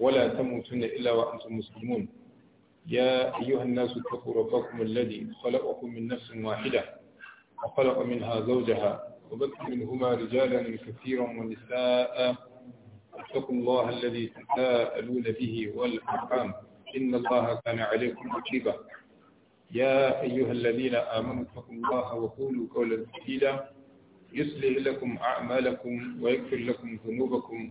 ولا تموتن إلا وأنتم مسلمون يا أيها الناس اتقوا ربكم الذي خلقكم من نفس واحدة وخلق منها زوجها وبث منهما رجالا كثيرا ونساء اتقوا الله الذي تساءلون به والأرحام إن الله كان عليكم رقيبا يا أيها الذين آمنوا اتقوا الله وقولوا قولا سديدا يصلح لكم أعمالكم ويغفر لكم ذنوبكم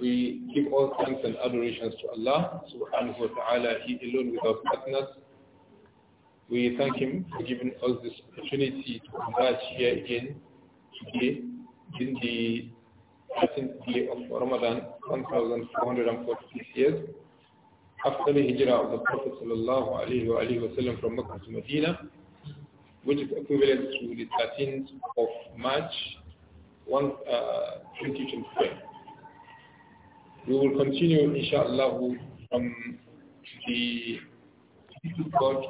We give all thanks and adorations to Allah subhanahu wa ta'ala, He alone without partners. We thank Him for giving us this opportunity to converge here again today in the 13th day of Ramadan, 1446 years, after the hijrah of the Prophet sallallahu alayhi wa from Mecca to Medina, which is equivalent to the 13th of March 1, uh, 2025. We will continue, inshallah, from the God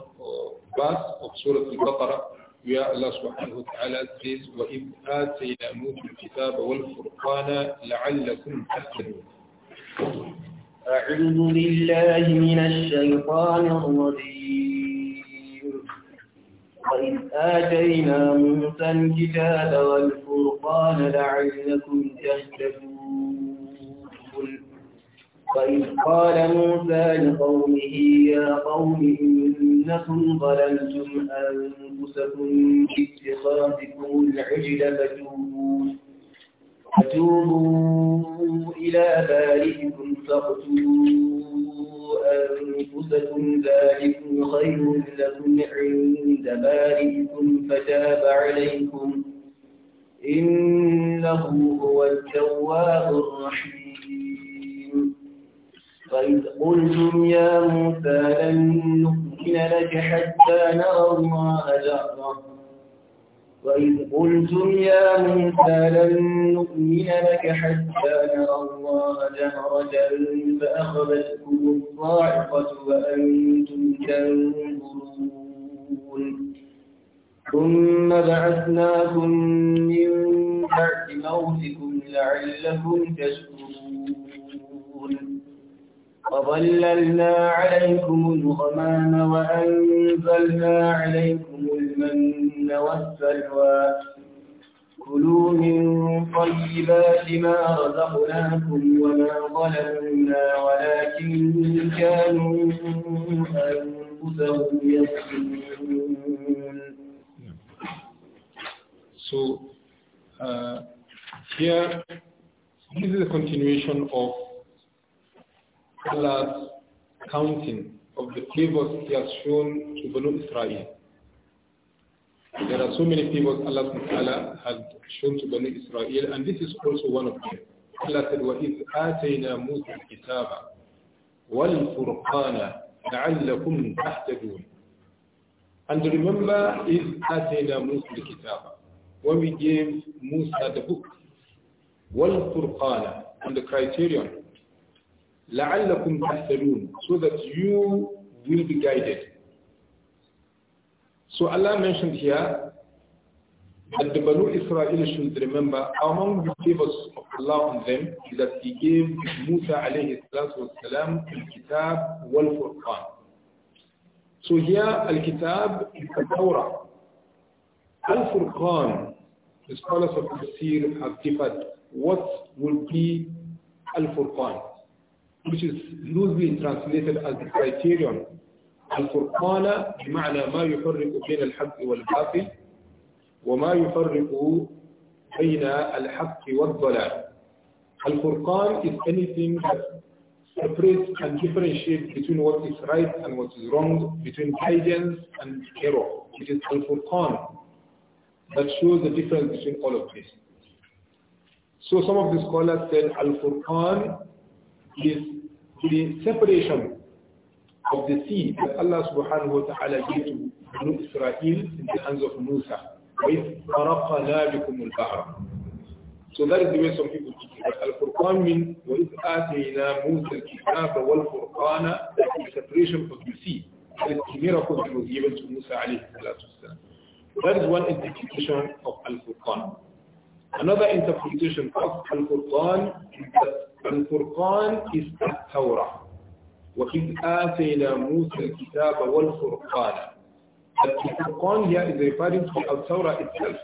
verse of Surah Al-Baqarah, where Allah subhanahu wa ta'ala says, وَإِذْ آتَيْنَا مُوسَى الْكِتَابَ وَالْفُرْقَانَ لَعَلَّكُمْ تَهْتَدُونَ أعوذ بالله من الشيطان الرجيم وإذ آتينا موسى الكتاب والفرقان لعلكم تهتدون وإذ قال موسى لقومه يا قوم إنكم ظلمتم أنفسكم باتخاذكم العجل فتوبوا فتوبوا إلى بارئكم فاقتلوا أنفسكم ذلكم خير لكم عند بارئكم فتاب عليكم إنه هو التواب الرحيم وإذ قلتم يا موسى لن نؤمن لك حتى نرى الله جهرا وإذ قلتم يا موسى لن نؤمن لك حتى نرى الله جهرة فأخذتكم الصاعقة وأنتم تنظرون ثم بعثناكم من بعد موتكم لعلكم تشكرون وظللنا عليكم الغمام وأنزلنا عليكم المن والسلوى كلوا من طيبات ما رزقناكم وما ظلمنا ولكن كانوا أنفسهم يظلمون So uh, here, this is a continuation of Allah's counting of the favors He has shown to Banu Israel. There are so many favors Allah Ta'ala had shown to Banu Israel, and this is also one of them. Allah said, وَإِذْ آتَيْنَا مُوسَى الْكِتَابَ وَالْفُرْقَانَ لَعَلَّكُمْ تَحْتَدُونَ And remember, إِذْ آتَيْنَا مُوسَى الْكِتَابَ When we gave Musa the book, وَالْفُرْقَانَ And the criterion, لَعَلَّكُمْ So that you will be guided. So Allah mentioned here that the Banu Israel should remember among the favors of Allah on them is that He gave Musa alayhi salatu wasalam al-kitab wal-furqan. So here al-kitab is the Torah. Al-furqan, the scholars of Tafsir have differed what would be al-furqan which is loosely translated as the criterion. الفرقان بمعنى ما يفرق بين الحق والباطل وما يفرق بين الحق والضلال. Al-Furqan is anything that separates and differentiates between what is right and what is wrong, between guidance and error. It is Al-Furqan that shows the difference between all of this. So some of the scholars said Al-Furqan is the separation of the sea that Allah subhanahu wa ta'ala gave to Banu Israel in the hands of Musa. So that is the way some people teach it. Al-Furqan means وَإِذْ آتَيْنَا مُوسَى الْكِتَابَ وَالْفُرْقَانَ That is the separation of the sea That is the miracle that was given to Musa alayhi salatu That is one interpretation of Al-Furqan. Another interpretation of Al-Furqan is that Al-Furqan is At-Tawrah. وَإِذْ آتَيْنَا مُوسَى الْكِتَابَ وَالْفُرْقَانَ That Al-Furqan here is referring to Al-Tawrah itself.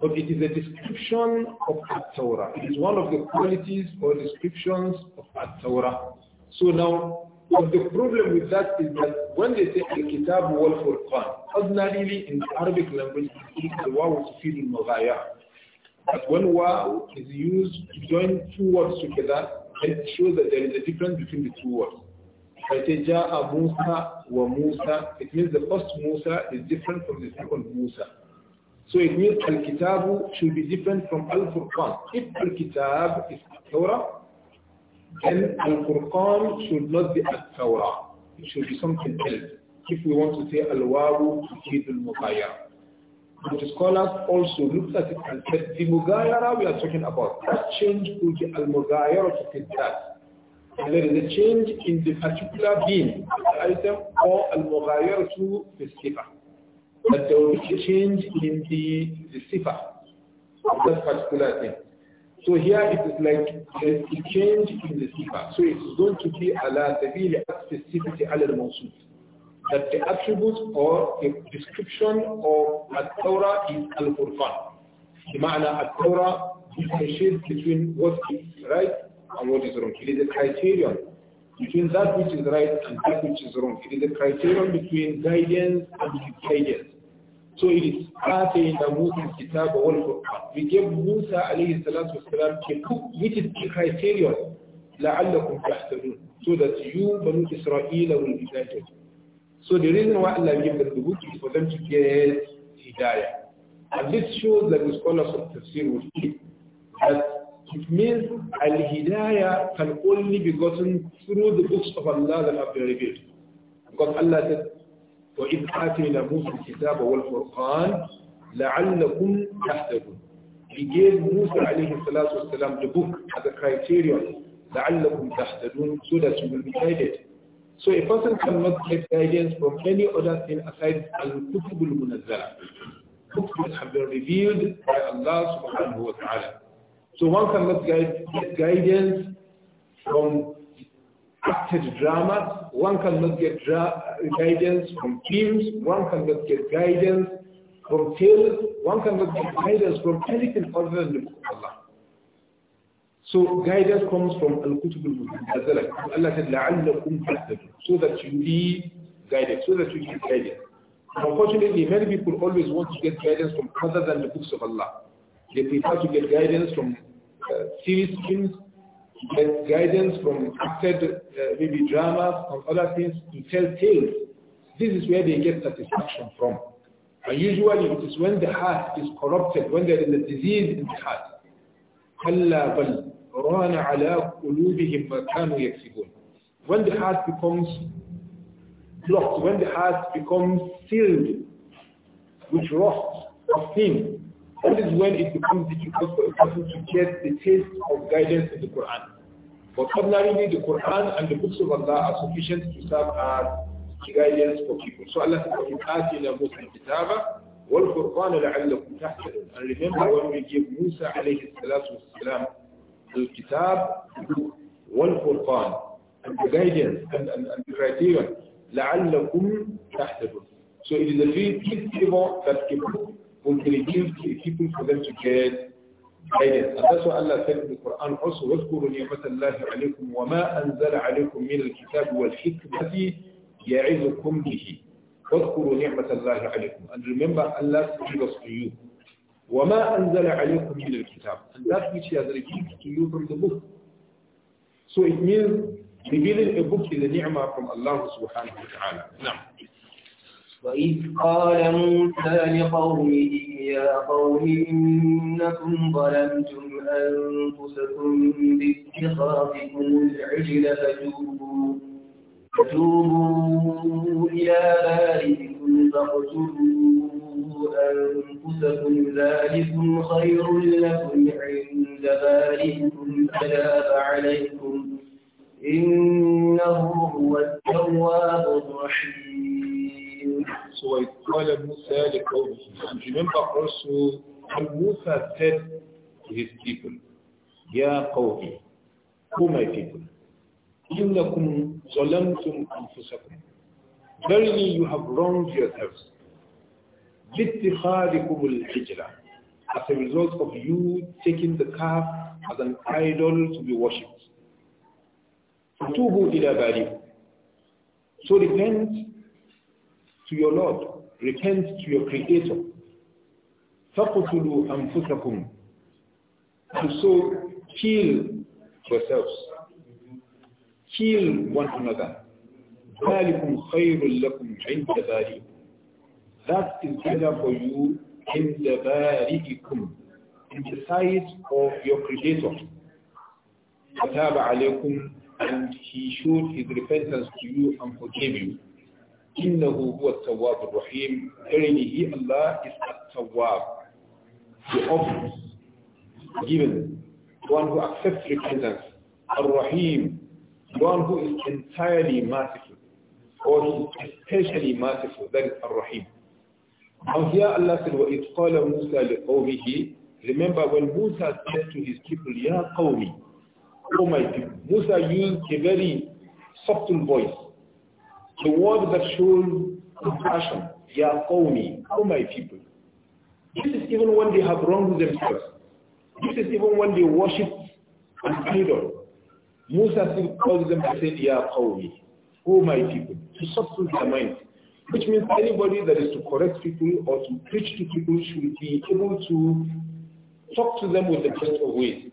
But it is a description of Al-Tawrah. It is one of the qualities or descriptions of al tawrah So now, but the problem with that is that when they say Al-Kitab wal-Furqan, ordinarily in the Arabic language, it is the wawu tufid al-Mughayah. But when wow is used to join two words together, it shows that there is a difference between the two words. Ah, Musa wa Musa, it means the first Musa is different from the second Musa. So it means Al-Kitabu should be different from Al-Furqan. If Al-Kitab is Al-Tawrah, then Al-Furqan should not be Al-Tawrah. It should be something else. If we want to say Al-Wawu, Tufid al-Muqayyar. But the scholars also looked at it and said, the Mughayara we are talking about, that change could the al-Mughayara to that. And there is a change in the particular being, the item, or al-Mughayara to the sifa. That there will be a change in the, the sifa that particular thing. So here it is like there's a change in the sifa. So it's going to be ala tabili at specificity ala al-mawsuf that the attribute or the description of At-Tawrah is Al-Qur'an. بمعنى التوراة differentiates between what is right and what is wrong. It is a criterion between that which is right and that which is wrong. It is a criterion between guidance and misguidance. So it is آتينا of Al-Qur'an. We gave Musa عليه Salatu والسلام a book which is the criterion لعلكم تحتدون so that you, Banu Israel, will be guided. So the reason why Allah gave them the book is for them to get hidayah. And this shows that the scholars of Tafsir will see that it means al-hidayah can only be gotten through the books of Allah that have been revealed. Because Allah said, وَإِذْ آتَيْنَا مُوسَى الْكِتَابَ وَالْفُرْقَانَ لَعَلَّكُمْ تَهْتَدُونَ He gave Musa alayhi salatu wasalam the book as a criterion لَعَلَّكُمْ تَهْتَدُونَ so that you will be guided. So a person cannot get guidance from any other thing aside al-kutubul munazzala. Books have been revealed by Allah subhanahu wa ta'ala. So one cannot get guidance from acted dramas, one cannot get guidance from films, one cannot get guidance from tales, one cannot get guidance from anything other than the book of Allah. So guidance comes from Al-Kutub al Allah said, لَعَلَّكُمْ So that you be guided, so that you need guided. Unfortunately, many people always want to get guidance from other than the books of Allah. They prefer to get guidance from uh, series films, get guidance from acted uh, maybe dramas and other things to tell tales. This is where they get satisfaction from. And usually it is when the heart is corrupted, when there is a disease in the heart when the heart becomes blocked when the heart becomes sealed with rust of sin that is when it becomes difficult for a person to get the taste of guidance in the Quran but ordinarily the Quran and the books of Allah are sufficient to serve as guidance for people so Allah says والفرقان لعلكم and remember when we give Musa عليه الصلاة والسلام الكتاب والفرقان and the guidance and, and, and the criteria لعلكم تحتفظ. So it is a big favor that can will be the people for them to get guidance. And that's why Allah said in the Quran also, واذكروا نعمة الله عليكم وما أنزل عليكم من الكتاب والحكمة يعظكم به. واذكروا نعمة الله عليكم. And remember Allah's favors to you. وما أنزل عليكم من الكتاب and that which he has revealed to you from the book so it means revealing a book is a ni'mah from Allah subhanahu wa ta'ala نعم وإذ قال موسى لقومه يا قوم إنكم ظلمتم أنفسكم باتخاذكم العجل فتوبوا وتوبوا إلى بارئكم فاقتلوا أنفسكم ذلكم خير لكم عند بارئكم عليكم إنه هو التواب الرحيم. So Musa the remember also Musa said to his people, Ya who my people? إنكم ظلمتم أنفسكم Verily you have wronged yourselves. al الحجلة as a result of you taking the calf as an idol to be worshipped. Fatubu ila bari. So repent to your Lord. Repent to your Creator. فَقْتُلُوا أَنفُسَكُمْ to so kill yourselves kill one another. That is better for you in the bari'ikum, in the sight of your Creator. Fataba alaykum, and He showed His repentance to you and forgave you. إِنَّهُ هُوَ التَّوَّابُ الرَّحِيمُ Verily, He, Allah, is at-tawwab, the office given, one who accepts repentance, ar one who is entirely merciful, or he especially merciful, that is Ar-Rahim. Now here Allah said, وَإِذْ قَالَ مُوسَى لِقَوْمِهِ Remember when Musa said to his people, Ya Qawmi, Oh my people, Musa used a very subtle voice, the word that shows compassion, Ya Qawmi, Oh my people. This is even when they have wronged themselves. This is even when they worship an idol. Musa still called them and said, Ya Qawmi, O my people, to subtle their minds. Which means anybody that is to correct people or to preach to people should be able to talk to them with the best of ways.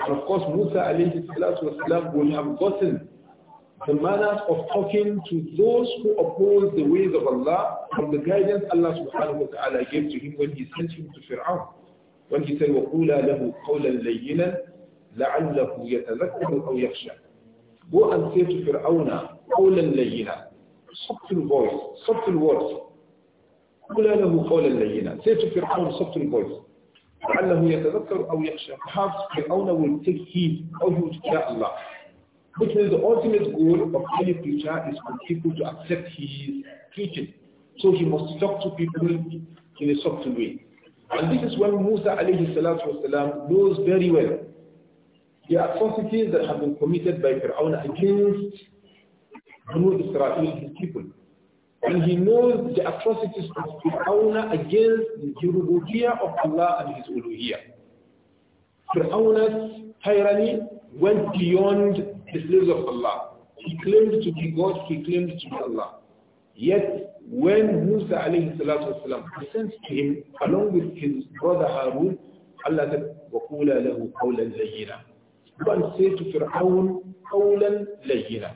And of course, Musa alayhi salatu wasalam will have gotten the manners of talking to those who oppose the ways of Allah from the guidance Allah subhanahu wa ta'ala gave to him when he sent him to Fir'aun. When he said, وَقُولَا لَهُ قَوْلًا لَيِّنًا لعله يتذكر أو يخشى Go and say to فرعون قولا لينا subtle voice subtle words قل له قولا لينا say فرعون subtle voice لعله يتذكر أو يخشى perhaps فرعون will take heed or he will fear Allah which means the ultimate goal of any preacher is for people to accept his teaching, so he must talk to people in a subtle way and this is when Musa alayhi salatu wasalam knows very well the atrocities that have been committed by Fir'aun against Banu Israel, his people. And he knows the atrocities of Fir'aun against the Rububiyyah of Allah and his Uluhiya. Fir'aun's tyranny went beyond the slaves of Allah. He claimed to be God, he claimed to be Allah. Yet when Musa alayhi salatu wasalam sent to him along with his brother Harun, Allah said, وَقُولَ لَهُ قَوْلًا زَيِّنًا وأنسيت فرعون قولا لينا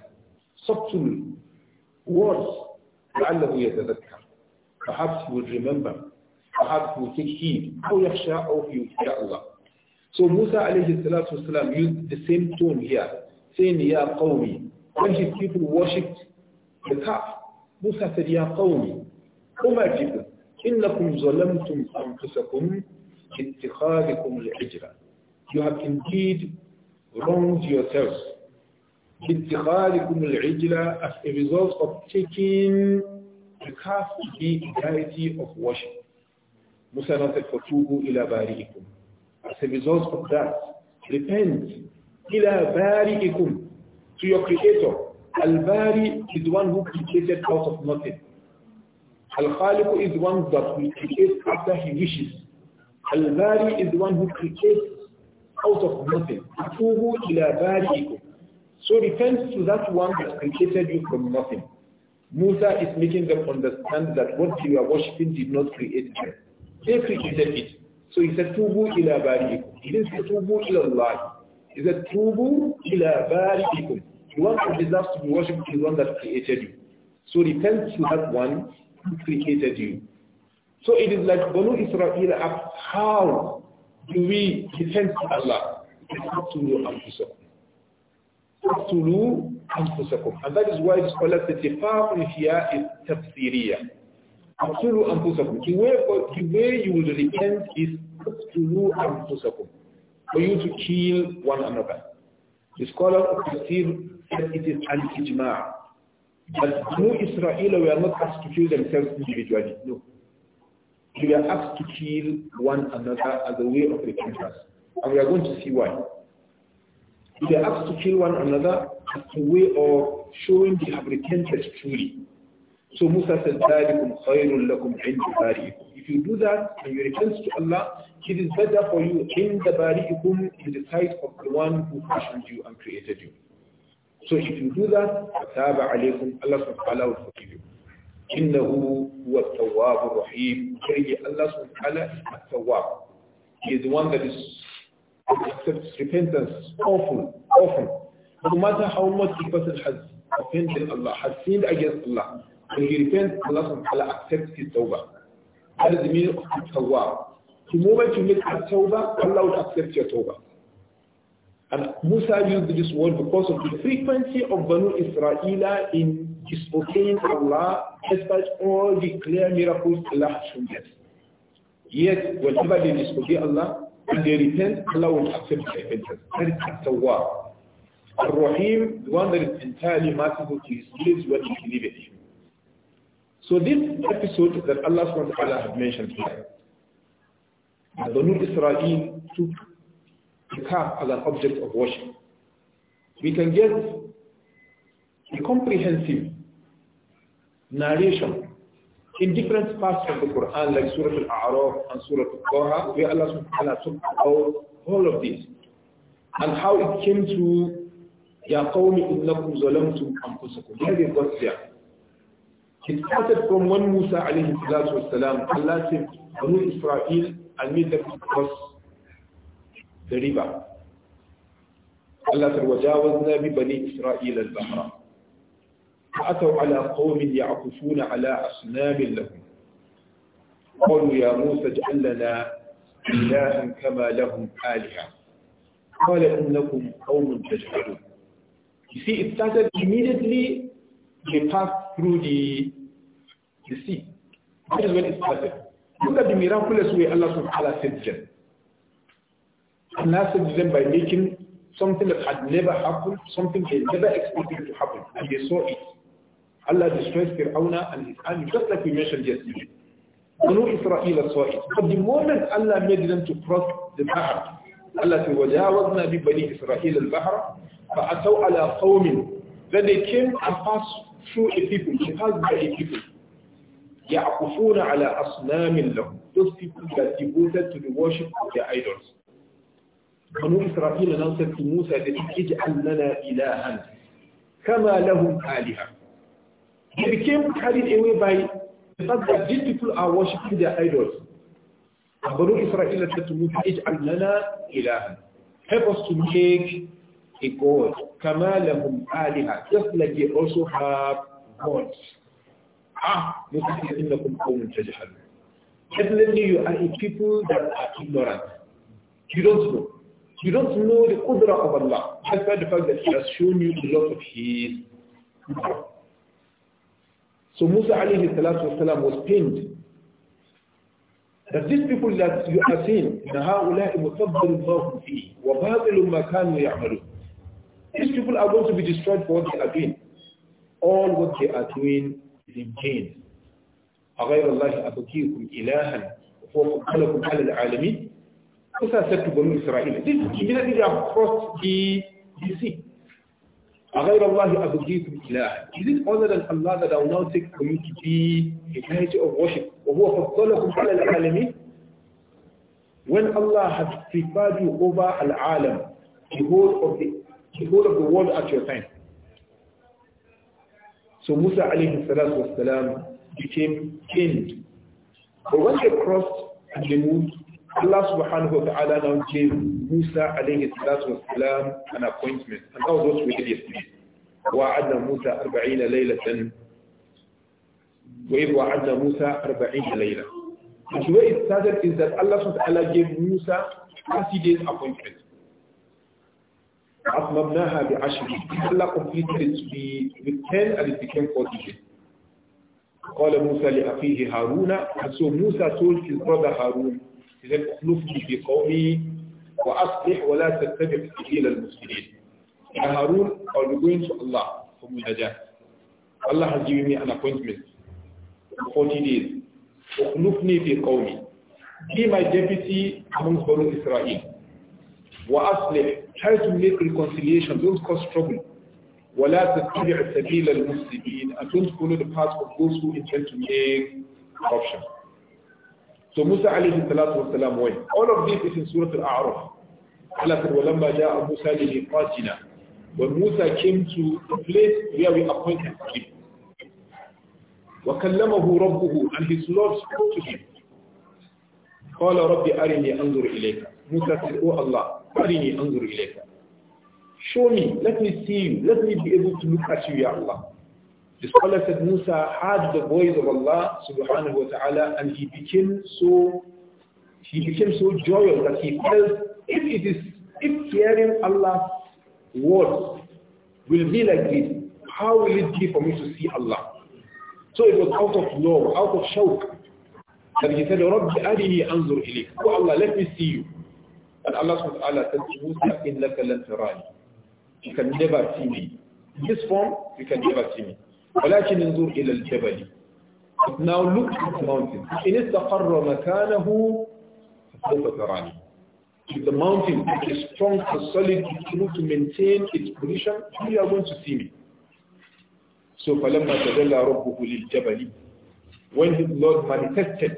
صبت words لعله يتذكر perhaps he will remember perhaps he will take heed أو يخشى أو يخشى الله so Musa عليه الصلاة والسلام used the same tone here saying يا قومي when his people worshipped the calf Musa said يا قومي O my إنكم ظلمتم أنفسكم باتخاذكم العجرة You have indeed wrongs yourselves. as a result of taking the calf to be a deity of worship. Musa now said, فَتُوبُوا إِلَى بَارِئِكُمْ As a result of that, repent إِلَى بَارِئِكُمْ To your creator. Al-Bari is the one who created out of nothing. Al-Khaliq is the one that will create after he wishes. Al-Bari is the one who creates out of nothing. Tubu ila So repent to that one that created you from nothing. Musa is making them understand that what you are worshipping did not create them. They created it. So he said, Tubu ila bari'ikum. He didn't say Tubu ila Allah. He said, Tubu ila bari'ikum. The one who deserves to be worshipped is the one that created you. So repent to that one who created you. So it is like Banu Israel have how do we defend Allah? Qatulu anfusakum. to anfusakum. And that is why the scholars say is here is tafsiriyah. Qatulu anfusakum. The way, the way you will repent is Qatulu anfusakum. For you to kill one another. The scholar of Tafsir said it is al-ijma' that no Israel are not asked to kill themselves individually. No we are asked to kill one another as a way of repentance. And we are going to see why. We are asked to kill one another as a way of showing the have repented truly. So Musa said, If you do that and you repent to Allah, it is better for you in the bari'ikum in the sight of the one who fashioned you and created you. So if you do that, Allah ta'ala will forgive you innahu huwa tawwabur rahim really Allah subhanahu is at he is the one that is accepts repentance often often no matter how much the person has offended Allah has sinned against Allah when he repents Allah subhanahu accepts his tawbah that is the meaning of at-tawwab the moment you make a tawbah Allah will accept your tawbah and Musa used this word because of the frequency of Banu Israel in to Allah despite all the clear miracles Allah has shown them. Yet, whenever they disobey Allah and they repent, Allah will accept their repentance. That is At-Tawwab. Ar-Rahim, the one that is entirely merciful to his slaves when he believes. in him. So this episode that Allah SWT has mentioned here, the Israel took the calf as an object of worship. We can get a comprehensive narration in different parts of the Quran, like Surah Al-A'raf and Surah Al-Qaha, where Allah subhanahu talk about all of this and how it came to Ya qawmi innakum zalamtum anfusakum. they got there. It started from when Musa alayhi salatu was salam, Allah said, Banu Israel and made them cross the river. Allah said, وَجَاوَزْنَا بِبَنِي إِسْرَائِيلَ الْبَحْرَ فأتوا على قوم يعكفون على أصنام لهم قالوا يا موسى اجعل لنا إلها كما لهم آلهة قال إنكم قوم تجهلون You see, it started immediately they passed through the, the sea. That is when it started. Look at the miraculous way Allah subhanahu wa ta'ala saved them. Allah saved them by making something that had never happened, something they never expected to happen, and they saw it. Allah destroys Fir'auna and his army, just like we mentioned yesterday. Banu Israel saw it. But the moment Allah made them to cross the Bahr, Allah said, وَجَاوَزْنَا بِبَنِي إِسْرَائِيلَ الْبَحْرَ فَأَتَوْا عَلَىٰ قَوْمٍ Then they came and passed through a people, they passed by a people. يَعْقُفُونَ عَلَىٰ أَصْنَامٍ لَهُمْ Those people that devoted to the worship of their idols. Banu Israel announced to Musa that, اِجْعَلْ Allah إِلَهًا كَمَا لَهُمْ آلِهًا they became carried away by the fact that these people are worshipping their idols. Banu Israel said to Musa, Ij'al lana ilahan. Help us to make a god. Kama lahum aliha. Just like they also have gods. Ah, Musa said, Innakum qawmun tajhalun. Definitely you are a people that are ignorant. You don't know. You don't know the qudra of Allah. Despite the fact that He has shown you a lot of His qudra. So Musa alayhi salatu was pinned. that these people that you are seeing, هَؤُلَاءِ مُفَضَّلُ اللَّهُ فِيهِ وَبَاطِلُ مَا كَانُوا يَعْمَلُونَ These people are going to be destroyed for what they are doing. All what they are doing is in vain. أَغَيْرَ اللَّهِ أَبُكِيكُمْ إِلَهًا وَفَقَّلَكُمْ عَلَى الْعَالَمِينَ Musa said to Banu Israel, this immediately they have crossed the, the sea. أغير الله أبغيكم إلها Is it other than Allah that I will now take for you to be a deity of worship? وهو فضلكم على العالمين When Allah has prepared you over al-alam, the whole of the, the whole of the world at your time. So Musa alayhi salatu was became king. But when they crossed and they moved, Allah subhanahu wa ta'ala now gave Musa alayhi salatu wasalam an appointment. And that those were we did yesterday. وعدنا موسى أربعين ليلة وإذ وعدنا موسى أربعين ليلة And the way it started is that Allah subhanahu wa ta'ala gave Musa 30 days appointment. أطممناها بعشر Allah completed it with 10 and it became 40 days. قال موسى لأخيه هارون and so Musa told his brother Harun he أخلفني في قومي وأصلح ولا تتبع سبيل I'll be going to Allah for Allah has given me an appointment for 40 days. أخلفني في قومي. Be my deputy among Israel. وأصلح. Try to make reconciliation. Don't cause trouble. ولا تتبع سبيل المفسدين and don't follow the path of those who intend to make corruption. So Musa alayhi salatu wasalam went. All of this is in Surah Al-A'raf. Allah said, وَلَمَّا جَاءَ مُوسَى لِلِقَاتِنَا When Musa came to the place where we appointed him, وَكَلَّمَهُ رَبُّهُ And his Lord spoke to him. قَالَ رَبِّ أَرِنِي أَنْظُرْ إِلَيْكَ Musa said, Oh Allah, أَرِنِي أَنْظُرْ إِلَيْكَ Show me, let me see you, let me be able to look at you, Ya Allah. The scholar said Musa heard the voice of Allah subhanahu wa ta'ala and he became so he became so joyous that he felt if it is if hearing Allah's words will be like this, how will it be for me to see Allah? So it was out of love, out of shawk. That he said, رَبِّ أَرِنِي أَنْظُرْ إِلَيْكَ Oh Allah, let me see you. And Allah subhanahu wa ta'ala said to Musa, إِنَّكَ لَنْ You can never see me. In this form, you can never see me. ولكن انظر إلى الجبل now look at the mountain إن استقر مكانه سوف تراني If the mountain is strong and solid, enough to maintain its position, you are going to see me. So فَلَمَّا تدلى رَبُّهُ لِلْجَبَلِ When his Lord manifested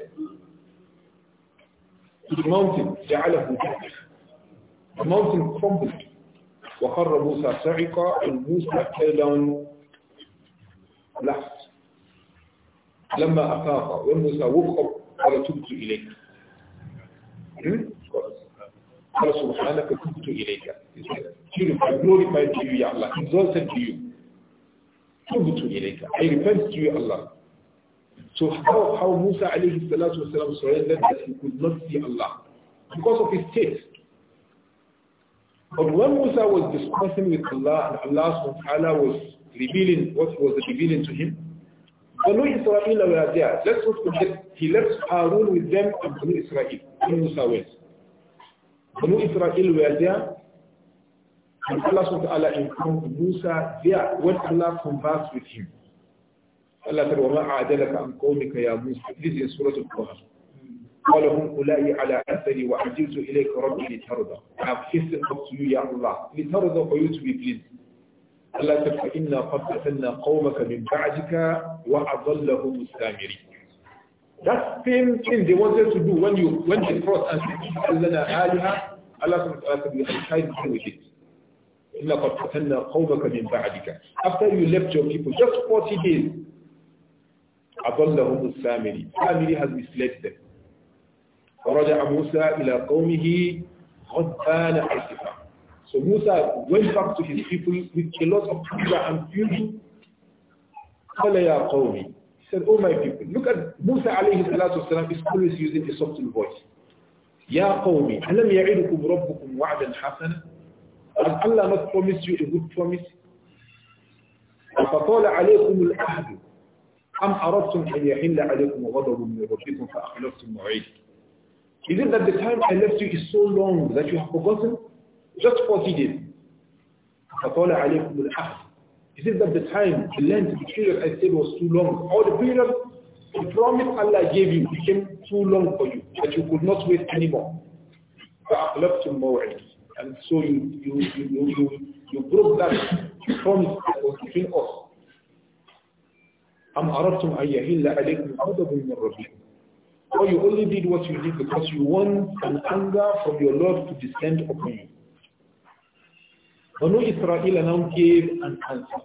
to the mountain, جَعَلَهُ جَبَلِ The mountain crumbled. وَخَرَّ مُوسَى صعقا and Musa fell down Last. لما أفاق when Musa قال تبت إليك hmm? قال سبحانك تبت إليك I glorify to you يا الله exalted to you تبت إليك I repent to you Allah So how, how Musa alayhi salatu wasalam surrendered that he could not see Allah because of his state. But when Musa was discussing with Allah and Allah subhanahu wa ta'ala was revealing what was revealing to him. Banu Israel were there. Let's not forget, he left Harun with them and Banu Israel in Musa went. Banu Israel were there, and Allah subhanahu wa ta'ala informed Musa there when Allah conversed with him. Allah said, وَمَا أَعْدَلَكَ عَنْ قَوْمِكَ يَا مُوسَى This is Surah Al-Qur'an. قال هم أولئي على أثري وعجلت إليك ربي لترضى. I have hastened up to you, Ya Allah. لترضى for you to be pleased. Allah ta fa inna qaumaka min ba'dika wa adallahum mustamiri that same thing they wanted to do when you when they crossed and said alaha Allah subhanahu wa ta'ala tried to with it inna fattatanna qaumaka min ba'dika after you left your people just 40 days adallahum mustamiri family has misled them فرجع موسى إلى قومه غضبان أسفا so Musa went back to his people with a lot of anger and fury. He said, oh my people, look at Musa alayhi salatu wasalam is always using a subtle voice. Ya qawmi, alam ya'idukum rabbukum wa'dan hasana? Has Allah not promised you a good promise? فطال عليكم العهد أم أردتم أن يحل عليكم غضب من ربكم فأخلفتم موعدي Is it that the time I left you is so long that you have forgotten? Just 40 days. فَطَالَ عَلَيْكُمُ الْحَقِّ He says that the time, the length, the period I said was too long. All the period, the promise Allah gave you became too long for you, that you could not wait anymore. فَأَقْلَبْتُمْ مَوْعِدِ And so you, you, you, you, you, you broke that promise that was between us. أَمْ أَرَبْتُمْ أَنْ يَهِلَّ عَلَيْكُمْ مِنْ رَبِّكُمْ or you only did what you did because you want an anger from your Lord to descend upon you. Banu Israel now gave an answer.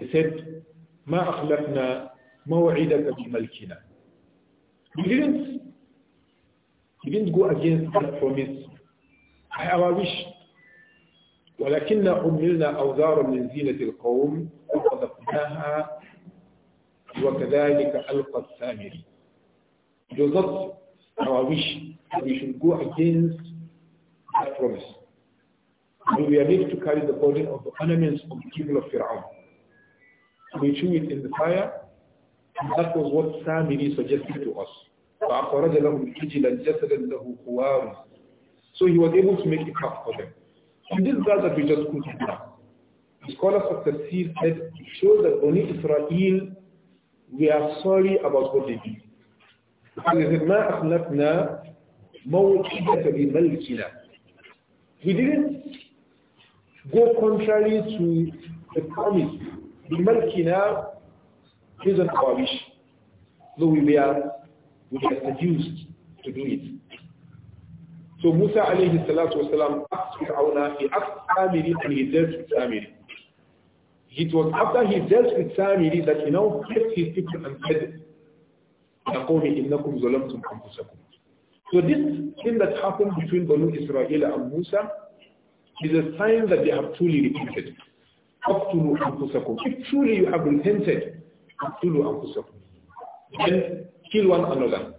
They said, ما أخلفنا موعدك بملكنا. We didn't, we didn't go against that promise. I have a wish. ولكن حملنا أوزارا من زينة القوم وقذفناها وكذلك ألقى السامري. It was not our wish we should go against that promise. and we are able to carry the burden of the ornaments of the people of Fir'aun. We threw it in the fire, and that was what Samiri suggested to us. So he was able to make a cup for them. And this verse that we just quoted now, the scholars of the sea said, it shows that only Israel, we are sorry about what they did. We didn't go contrary to the promise. The Malkina is not Awabish, though we were, we were seduced to do it. So Musa alayhi salatu wasalam asked Fir'auna, he asked Samiri and he dealt with Samiri. It was after he dealt with Samiri that he now faced his people and said, يَقَوْمِ إِنَّكُمْ ظَلَمْتُمْ أَنفُسَكُمْ So this thing that happened between Banu Israel and Musa is a sign that they have truly repented. If truly you have repented, Then kill one another.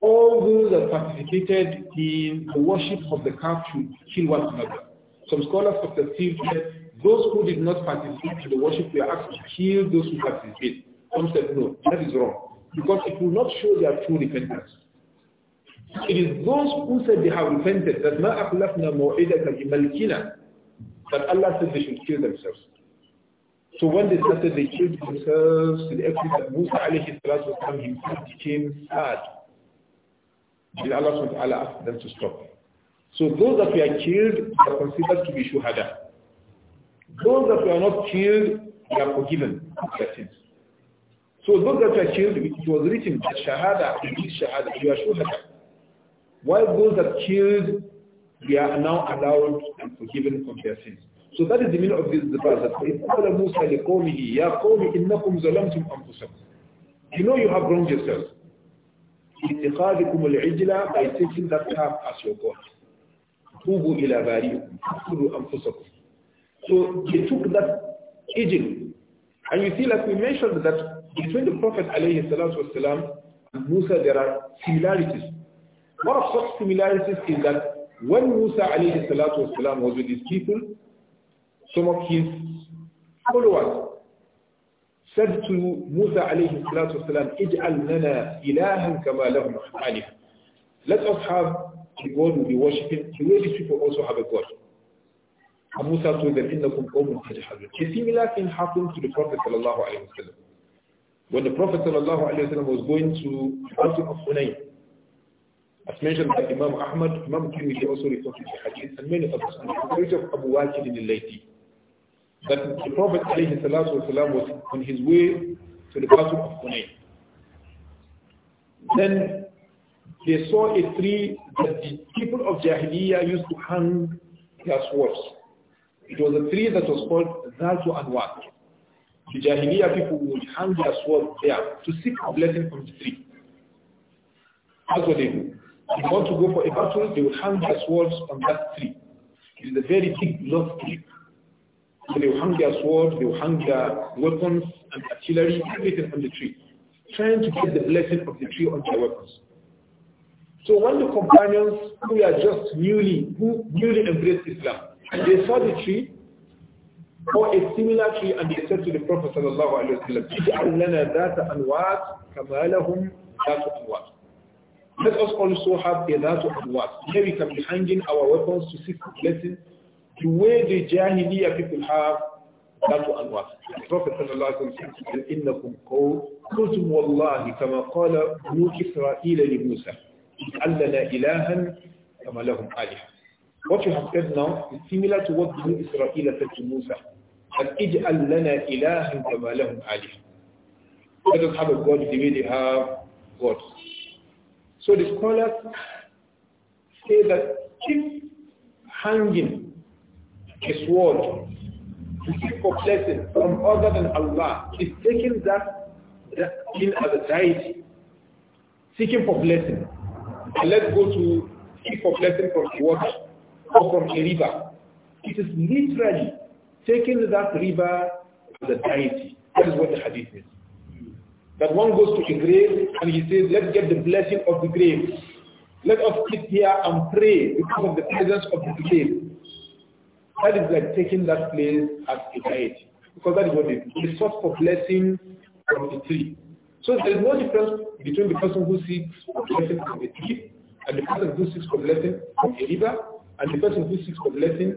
All those that participated in the worship of the calf should kill one another. Some scholars of the field said those who did not participate in the worship were asked to kill those who participated. Some said no, that is wrong because it will not show their true repentance. It is those who said they have repented that ma akhlafna mu'idaka imalkina that Allah said they should kill themselves. So when they started, they killed themselves to the extent that Musa alayhi salatu wasalam himself became sad. Did Allah subhanahu wa ta'ala ask them to stop? So those that were killed are considered to be shuhada. Those that were not killed, they are forgiven So those that were killed, it was written that shahada, shahada, you are shuhada while those that killed they are now allowed and forgiven from their sins. So that is the meaning of this verse. That قال موسى لقومه يا قوم You know you have wronged yourself. by taking that calf as your God. So they took that agent. And you see, like we mentioned, that between the Prophet alayhi and Musa, there are similarities. One of such similarities is that when Musa alayhi salatu wasalam was with his people, some of his followers said to Musa alayhi salatu wasalam, اجعل لنا إلها كما لهم Let us have a God we be worshipping the way these people also have a God. And Musa told them, إنكم قوم تجهلون. A similar thing happened to the Prophet sallallahu alayhi When the Prophet sallallahu alayhi was going to the mountain of Hunayn, as mentioned by Imam Ahmad, Imam Tirmidhi also to the hadith and many others. And the story of Abu Waqid in Layti, that the Prophet والسلام, was on his way to the Battle of Hunayn. Then they saw a tree that the people of Jahiliyyah used to hang their swords. It was a tree that was called Zatu Anwat. The Jahiliyyah people would hang their swords there to seek a blessing from the tree. That's what they do. If you want to go for a battle, they will hang their swords on that tree. It is a very big block tree. So they will hang their swords, they will hang their weapons and artillery, everything on the tree, trying to get the blessing of the tree on their weapons. So when the companions who are just newly, who newly embraced Islam, and they saw the tree, or a similar tree, and they said to the Prophet sallallahu alayhi wasallam, "Ij'al lana ذات أنوات كما لهم ذات أنوات." Let us also have a lot of work. Here we can be hanging our weapons to seek blessing the way the Jahiliyyah people have that to was. The Prophet said, إِنَّكُمْ قَوْمٌ قُلْتُمْ وَاللَّهِ كَمَا قَالَ بنو إسرائيل لموسى اجعل لنا إلها كما لهم آلهة. What you have said now is similar to what Banu Israel said to Musa. That اجعل لنا إلها كما لهم آلهة. Let us have a God the way they have God. So the scholars say that if hanging a sword to seek for blessing from other than Allah is taking that, that in as a deity, seeking for blessing, and let's go to seek for blessing from water or from a river. It is literally taking that river as a deity. That is what the hadith is that one goes to a grave and he says, let's get the blessing of the grave. Let us sit here and pray because of the presence of the grave. That is like taking that place as a deity. Because that is what it is. source for blessing from the tree. So there is no difference between the person who seeks for blessing from the tree and the person who seeks for blessing from a river and the person who seeks for blessing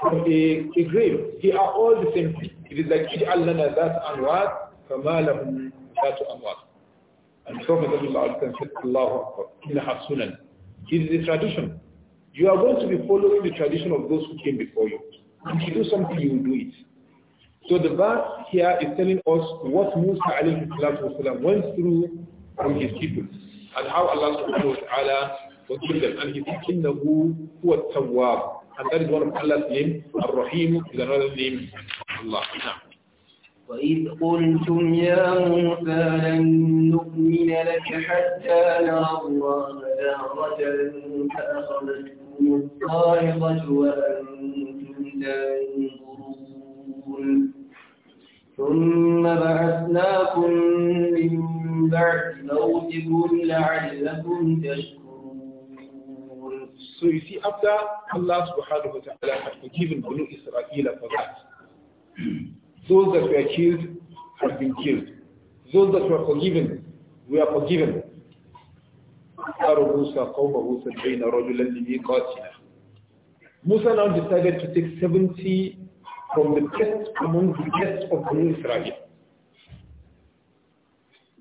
from a, a grave. They are all the same thing. It is like, Allah لَنَا ذَاتْ أَنْوَاتْ فَمَا ذات أموات. And the Allah said, Allahu Akbar, sunan. It is a tradition. You are going to be following the tradition of those who came before you. If you do something, you will do it. So the verse here is telling us what Musa alayhi salatu went through from his people and how Allah subhanahu wa ta'ala was with them. And he said, who هُوَ التَّوَّابُ And that is one of Allah's name. Ar-Rahim is another name of Allah. وإذ قلتم يا موسى لن نؤمن لك حتى نرى الله جهرة فأخذتكم الصاعقة وأنتم لا ينظرون ثم بعثناكم من بعد موتكم لعلكم تشكرون So you see, after Allah subhanahu wa ta'ala had forgiven Banu Israel for that, Those that were killed have been killed. Those that were forgiven we are forgiven. Musa now decided to take 70 from the best among the best of Banu Israel.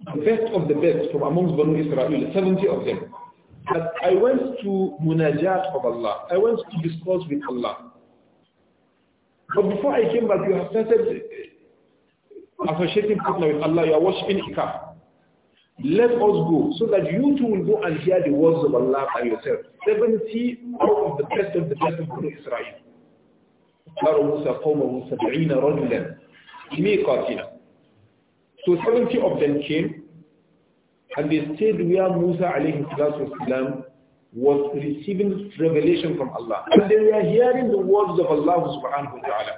The best of the best from among Banu Israel, 70 of them. But I went to munajat of Allah. I went to discuss with Allah. But before I came back, you have started associating partner with Allah, you are worshipping Ikaf. Let us go so that you too will go and hear the words of Allah by yourself. 70 out of the best of the best of Israel. So 70 of them came and they stayed where Musa alayhi was receiving revelation from Allah. And they were hearing the words of Allah subhanahu wa ta'ala.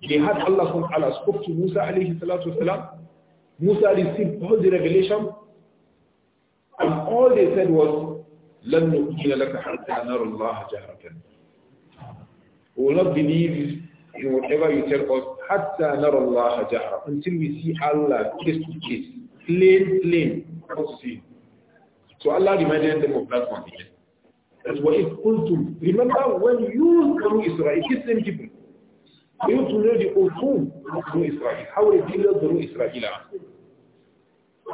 He had Allah from Allah spoke to Musa alayhi salatu wasalam. Musa received all the revelation and all they said was لَن نُؤْمِنَ لَكَ حَتَّى نَرَ اللَّهَ جَهْرَةً We will not believe in whatever you tell us حَتَّى نَرَ اللَّهَ جَهْرَةً Until we see Allah face to face, plain, plain, So Allah reminded them of that one again. That's what is Remember when you, come to Israel, these same people, يطلج أصول بنو إسرائيل حول ديلة بنو إسرائيل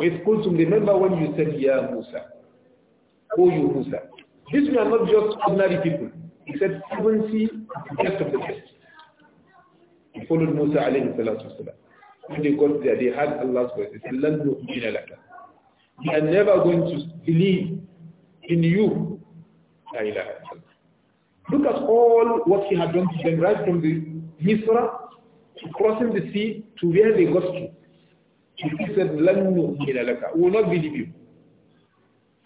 وإذ قلتم remember when you said "Ya Musa, Oh you Musa These were not just ordinary people He said "Even see the best of the best He followed Musa alayhi الصلاة والسلام When they got there they had Allah's voice They said لن نؤمن لك We are never going to believe in you لا إله إلا Look at all what he had done to them right from the Misra, to crossing the sea to where they got to. He said, لَنْ نُؤْمِنَ لَكَ We will not believe you.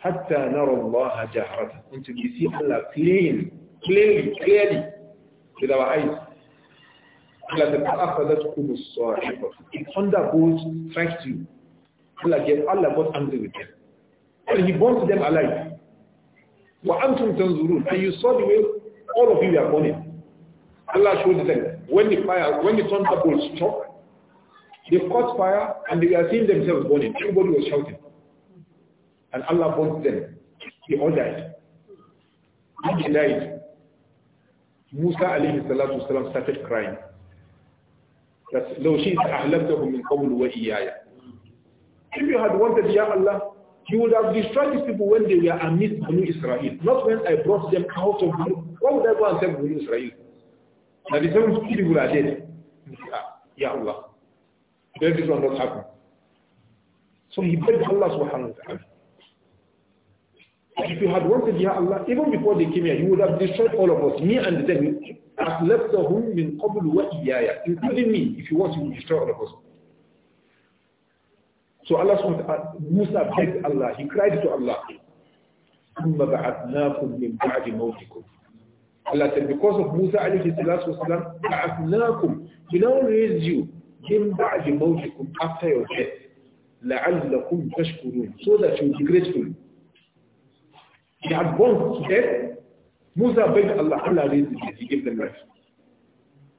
حَتَّى نَرَى اللَّهَ جَهْرَةً Until we see Allah clean, clearly, clearly, with our eyes. Allah said, فَأَخَذَتْكُمُ الصَّاحِبَةُ It undergoes, strikes you. Allah, gets, Allah got angry with them. And He burnt them alive. وَأَنْتُمْ تَنْظُرُونَ And you saw the way all of you are burning. Allah showed them when the fire, when the thunderbolt struck, they caught fire and they were seeing themselves burning. Everybody was shouting. And Allah burnt them. They all died. When they died, Musa alayhi salatu wasalam started crying. That لو شئت أهلكتهم من قبل وإياي. If you had wanted, Ya Allah, you would have destroyed these people when they were amidst Banu Israel, not when I brought them out of Banu. Why would I go and save Banu Israel? 37 people are ah, dead. Ya Allah. Then this will not happen. So he begged Allah subhanahu wa ta'ala. If you had wanted Ya Allah, even before they came here, you would have destroyed all of us, me and them. أَخْلَفْتَهُمْ مِنْ قَبْلُ وَإِيَّايَ Including me, if you want, you will destroy all of us. So Allah subhanahu wa ta'ala, Musa begged Allah, he cried to Allah, ثُمَّ بَعَثْنَاكُمْ مِنْ بَعْدِ مَوْتِكُمْ Allah said, because of Musa alayhi salatu wasalam, ba'athnakum, we now raise you, min ba'di mawtikum, after your death, la'allakum tashkurun, so that you will be grateful. He had gone to death, Musa begged Allah, Allah raised him, he gave them life.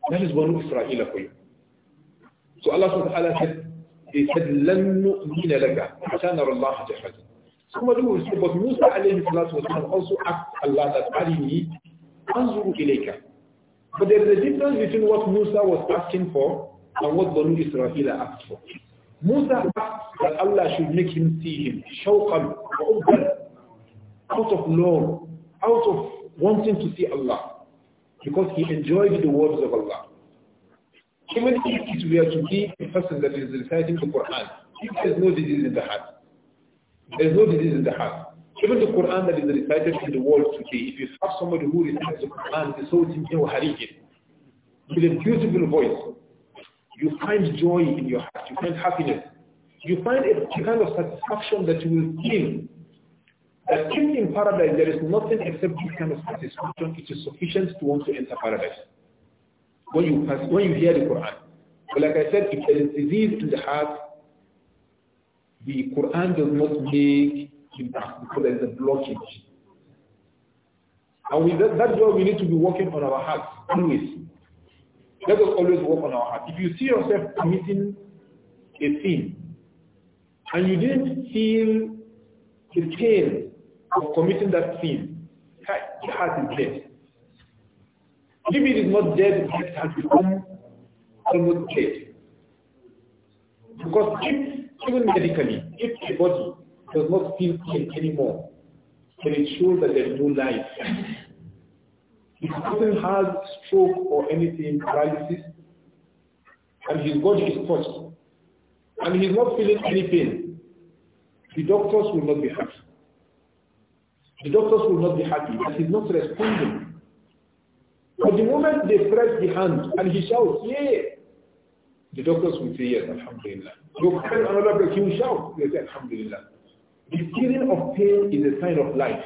That is one of Israel for you. So Allah subhanahu wa ta'ala said, he said, لَن نُؤْمِنَ لَكَ حَتَى اللَّهَ جَهَّةً Somebody will say, but Musa alayhi salatu wasalam also asked Allah that, أَرِنِي but there is a difference between what Musa was asking for and what Banu Israel asked for. Musa asked that Allah should make him see him, shawqan, out of love, out of wanting to see Allah, because he enjoyed the words of Allah. Even if it were to be a person that is reciting the Quran, if there is no disease in the heart, there is no disease in the heart, even the Quran that is recited in the world today, if you have somebody who recites the Quran, reciting in Harikit, with a beautiful voice, you find joy in your heart, you find happiness, you find a kind of satisfaction that you will feel. That even in paradise, there is nothing except this kind of satisfaction. It is sufficient to want to enter paradise. When you, pass, when you hear the Quran. But like I said, if there is disease in the heart, the Quran does not make that because there is a blockage. And with that, that's why we need to be working on our hearts always. Let us always work on our hearts. If you see yourself committing a sin and you didn't feel the pain of committing that sin, your heart is dead. If it is not dead, it has become almost dead. Because if, even medically, if a body does not feel pain anymore, can it show that there's no life? If does person has stroke or anything, paralysis, and he's got his pulse, and he's not feeling any pain, the doctors will not be happy. The doctors will not be happy that he's not responding. But the moment they press the hand and he shouts, yeah, the doctors will say, yes, alhamdulillah. You press another break, he will shout, they say, alhamdulillah. The feeling of pain is a sign of life.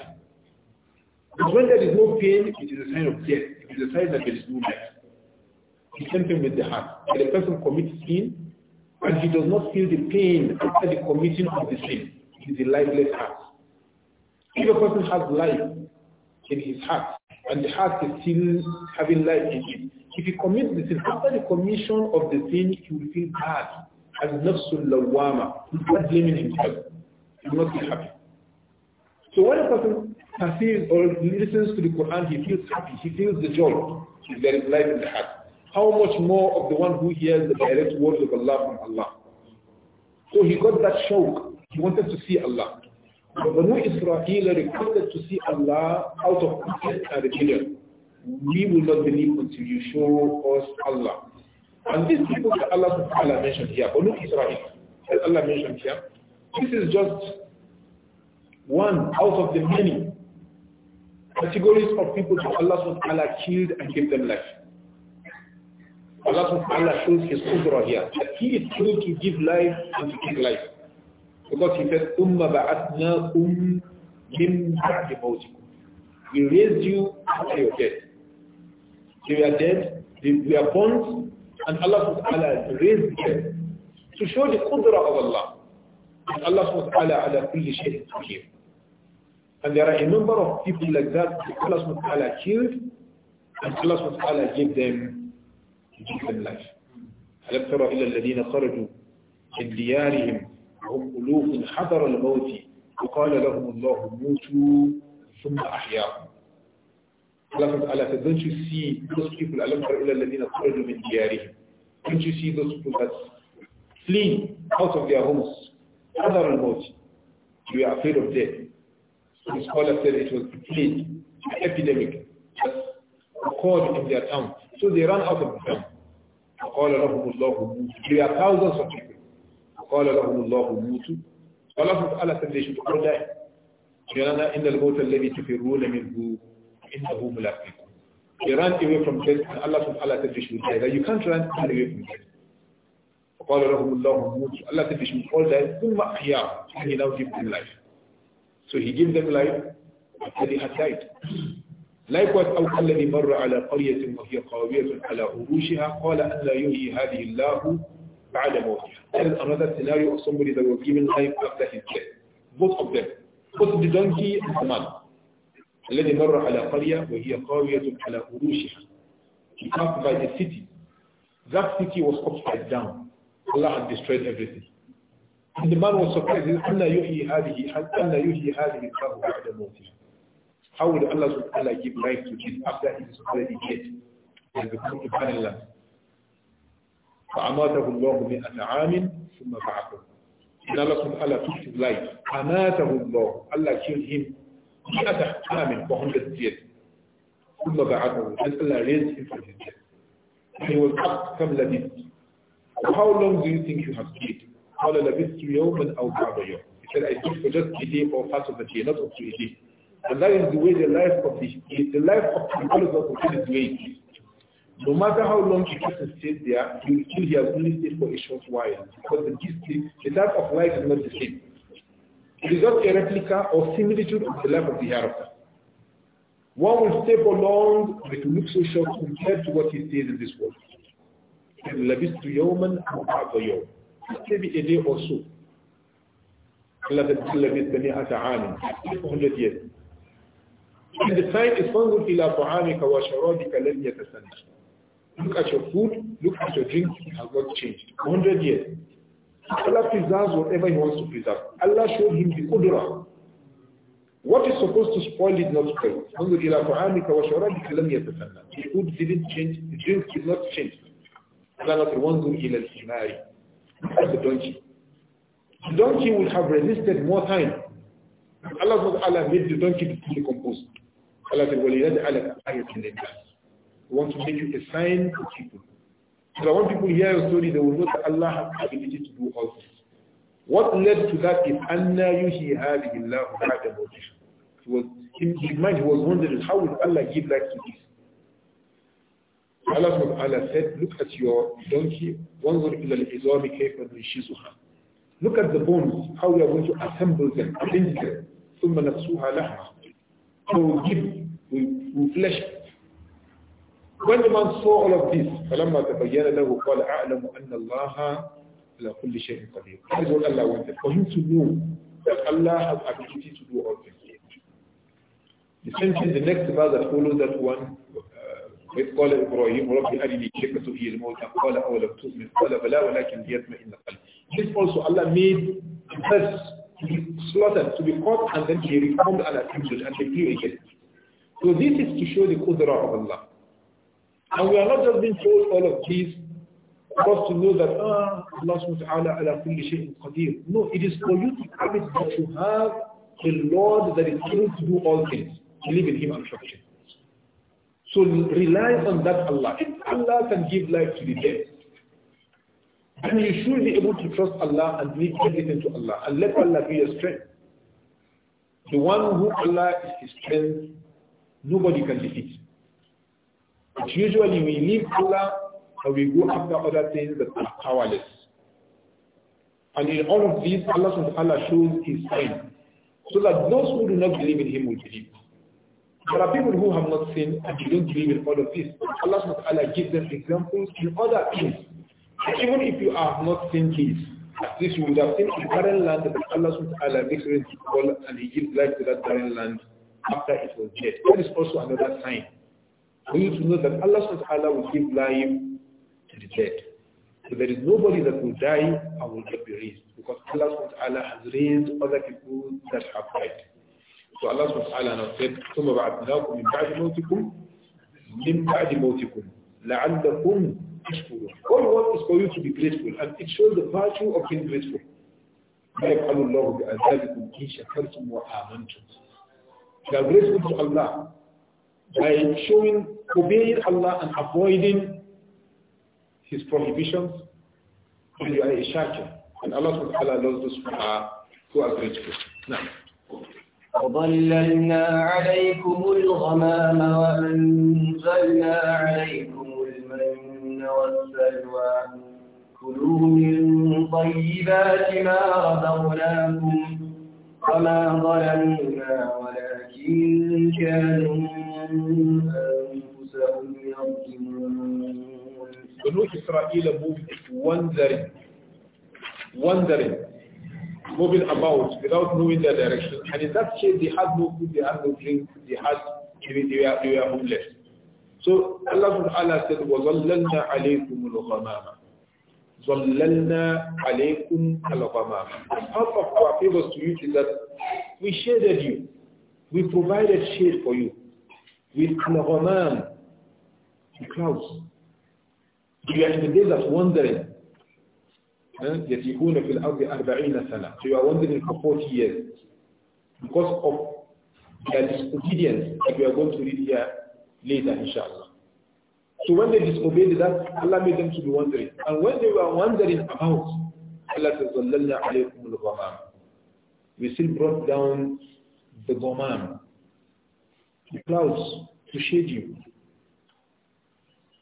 Because when there is no pain, it is a sign of death. It is a sign that there is no life. The same thing with the heart. When a person commits sin, and he does not feel the pain after the committing of the sin, it is a lifeless heart. If a person has life in his heart, and the heart is still having life in it, if he commits the sin, after the commission of the sin, he will feel bad. As nafsul lawama, he's not blaming himself. He will not be happy. So when a person perceives or listens to the Quran, he feels happy, he feels the joy. There is life in the heart. How much more of the one who hears the direct words of Allah from Allah? So he got that shock. He wanted to see Allah. But Banu Israel requested to see Allah out of protest and We will not believe until you show us Allah. And these people that Allah subhanahu mentioned here, Banu Israel, that Allah mentioned here, this is just one out of the many categories of people that Allah SWT killed and gave them life. Allah Taala shows his qudra here, that he is able to give life and to take life. Because he said, Umma ba'atna um بَعْدِ مَوْتِكُمْ We raised you after your death. They were dead, they were born, and Allah Taala raised them to show the qudra of Allah. And Allah subhanahu wa ta'ala ala kulli shay'in qadir. And there are a number of people like that Allah subhanahu wa ta'ala killed and Allah subhanahu wa ta'ala gave them, gave them life. ألم تر إلى الذين خرجوا من ديارهم وهم ألوف حضر الموت وقال لهم الله موتوا ثم أحياهم Allah Ta'ala said, don't you see those people, أَلَمْ تَرَ إِلَى الَّذِينَ خَرَجُوا مِنْ دِيَارِهِمْ Don't you see those people that flee out of their homes other than maut you are afraid of death. The scholar said it was a plague, an epidemic that occurred in their town. So they ran out of the town. فقال لهم الله There are thousands of people. فقال لهم الله موتوا. Allah said they should all die. جَلَنَا إِنَّ الْمَوْتَ الَّذِي تُفِرُّونَ مِنْهُ إِنَّهُ مُلَاقِكُمْ They ran away from death and Allah subhanahu wa ta'ala said they should die. You can't run away from death. فقال لهم الله موت said, Fish all died, ثم أحيا, and he now gave them life. So he gave them life after they had died. Likewise, أو الذي مر على قرية وهي قاوية على عروشها قال أن لا يحيي هذه الله بعد موتها. That is another scenario of somebody that was given life after his death. Both of them. Both the donkey and the man. الذي مر على قرية وهي قاوية على عروشها. He passed by the city. That city was upside down. Allah had destroyed everything. And the man was surprised. How would Allah subhanahu give life to this after he is already dead? He has become a barren land. فأماته الله مئة عام ثم بعثه. And Allah subhanahu wa ta'ala took his life. أماته الله. Allah killed him مئة عام for 100 years. ثم بعثه. And Allah raised him from his death. And he was asked, كم لبثت? How long do you think you have stayed? قال لبثت يوما أو بعض يوم. He said, I stayed for just a day or part of a day, not up to a day. And that is the way the life of the, the life of the followers of the is way No matter how long a person stays there, he will still have only stayed for a short while because the distance, the type of life is not the same. It is not a replica or similitude of the life of the hereafter. One will stay for long, but it will look so short compared to what he stays in this world labistu yawman aw ba'da yawm maybe a day or so Allah said labista mi'ata 'amin 100 years In the sign is فانظر إلى طعامك وشرابك لم يتسنى Look at your food, look at your drink, it has not changed. 100 years. Allah preserves whatever He wants to preserve. Allah showed him the Qudra. What is supposed to spoil is not spoiled. spoil. فانظر إلى طعامك وشرابك لم يتسنى The food didn't change, the drink did not change. Allah not wanzur ila al That's the donkey. The donkey would have resisted more time. Allah subhanahu wa made the donkey to fully compose. Allah said, وَلِيَدْ عَلَكَ آيَةٍ لِلنَّاسِ We want to make you a sign to people. So that when people hear your story, they will know that Allah has the ability to do all this. What led to that is أَنَّا يُحِي هَذِهِ اللَّهُ بَعْدَ مَوْتِهِ He was, in his mind, he was wondering, how will Allah give life to this? Allah subhanahu said, look at your donkey, وَانْظُرْ إِلَى الْعِظَامِ كَيْفَ نُنْشِزُهَا Look at the bones, how we are going to assemble them, cleanse them. ثُمَّ نَفْسُوهَا لَحْمًا So we give, we, we flesh. When the man saw all of this, فَلَمَّا تَبَيَّنَ لَهُ قَالَ أَعْلَمُ أَنَّ اللَّهَ عَلَى كُلِّ شَيْءٍ قَدِيرٌ That is what Allah wanted, for him to know that Allah has ability to do all things. The same thing, the next verse that follows that one, إذ قال إبراهيم رب أرني كيف تحيي الموتى قال أولم تؤمن قال بلى ولكن ليطمئن قلبي This also Allah made us to be slaughtered, to be caught, and then he reformed and attempted and he grew again. So this is to show the Qudra of Allah. And we are not just being told all of these for us to know that ah, Allah subhanahu wa ta'ala ala kulli shay'in qadir. No, it is for you to have it that you have a Lord that is able to do all things. Believe in Him and trust Him. So rely on that Allah. If Allah can give life to the dead, then you should be able to trust Allah and leave everything to Allah. And let Allah be your strength. The one who Allah is his strength, nobody can defeat. But usually we leave Allah and we go after other things that are powerless. And in all of these, Allah subhanahu wa ta'ala shows his strength. so that those who do not believe in him will believe. There are people who have not seen and they don't believe in all of this. Allah subhanahu wa ta'ala gives them examples in other things. even if you have not seen this, at least you would have seen a barren land that Allah subhanahu wa ta'ala makes rain to fall and he gives life to that barren land after it was dead. That is also another sign for you to know that Allah subhanahu wa ta'ala will give life to the dead. So there is nobody that will die and will not be raised because Allah subhanahu wa ta'ala has raised other people that have died. So Allah subhanahu wa ta'ala said, ثُمَّ مِنْ بَعْدِ مَوْتِكُمْ مِنْ بَعْدِ مَوْتِكُمْ لَعَلَّكُمْ تَشْكُرُونَ All want for you to be grateful, and it shows the virtue of being grateful. مَا يَفْعَلُ اللَّهُ بِعَذَابِكُمْ إِنْ شَكَرْتُمْ وَآمَنْتُمْ We are grateful to Allah by showing, obeying Allah and avoiding His prohibitions, and you are a And Allah subhanahu wa ta'ala loves those who are grateful. Now, وظللنا عليكم الغمام وأنزلنا عليكم المن والسلوى كلوا من طيبات ما رزقناكم وما ظلمونا ولكن كانوا أنفسهم يظلمون بنو إسرائيل moved wondering wondering moving about without knowing their direction. And in that case, they had no food, they had no drink, they had they were, they were homeless. So Allah Taala said, وَظَلَّلْنَا عَلَيْكُمُ الْغَمَامَ ظَلَّلْنَا عَلَيْكُمْ الْغَمَامَ Part of our favors to you is that we shaded you. We provided shade for you. With al-ghamam, the clouds. You are in the days of wandering. يَسِيكُونَ فِي الْأَرْضِ أَرْبَعِينَ سَنَةً So you are wandering for 40 years. Because of their disobedience that we are going to read here later, inshallah. So when they disobeyed that, Allah made them to be wandering. And when they were wandering about, Allah says, وَظَلَّلْنَا عَلَيْكُمُ الْغَمَامِ We still brought down the ghamam, the clouds to shade you.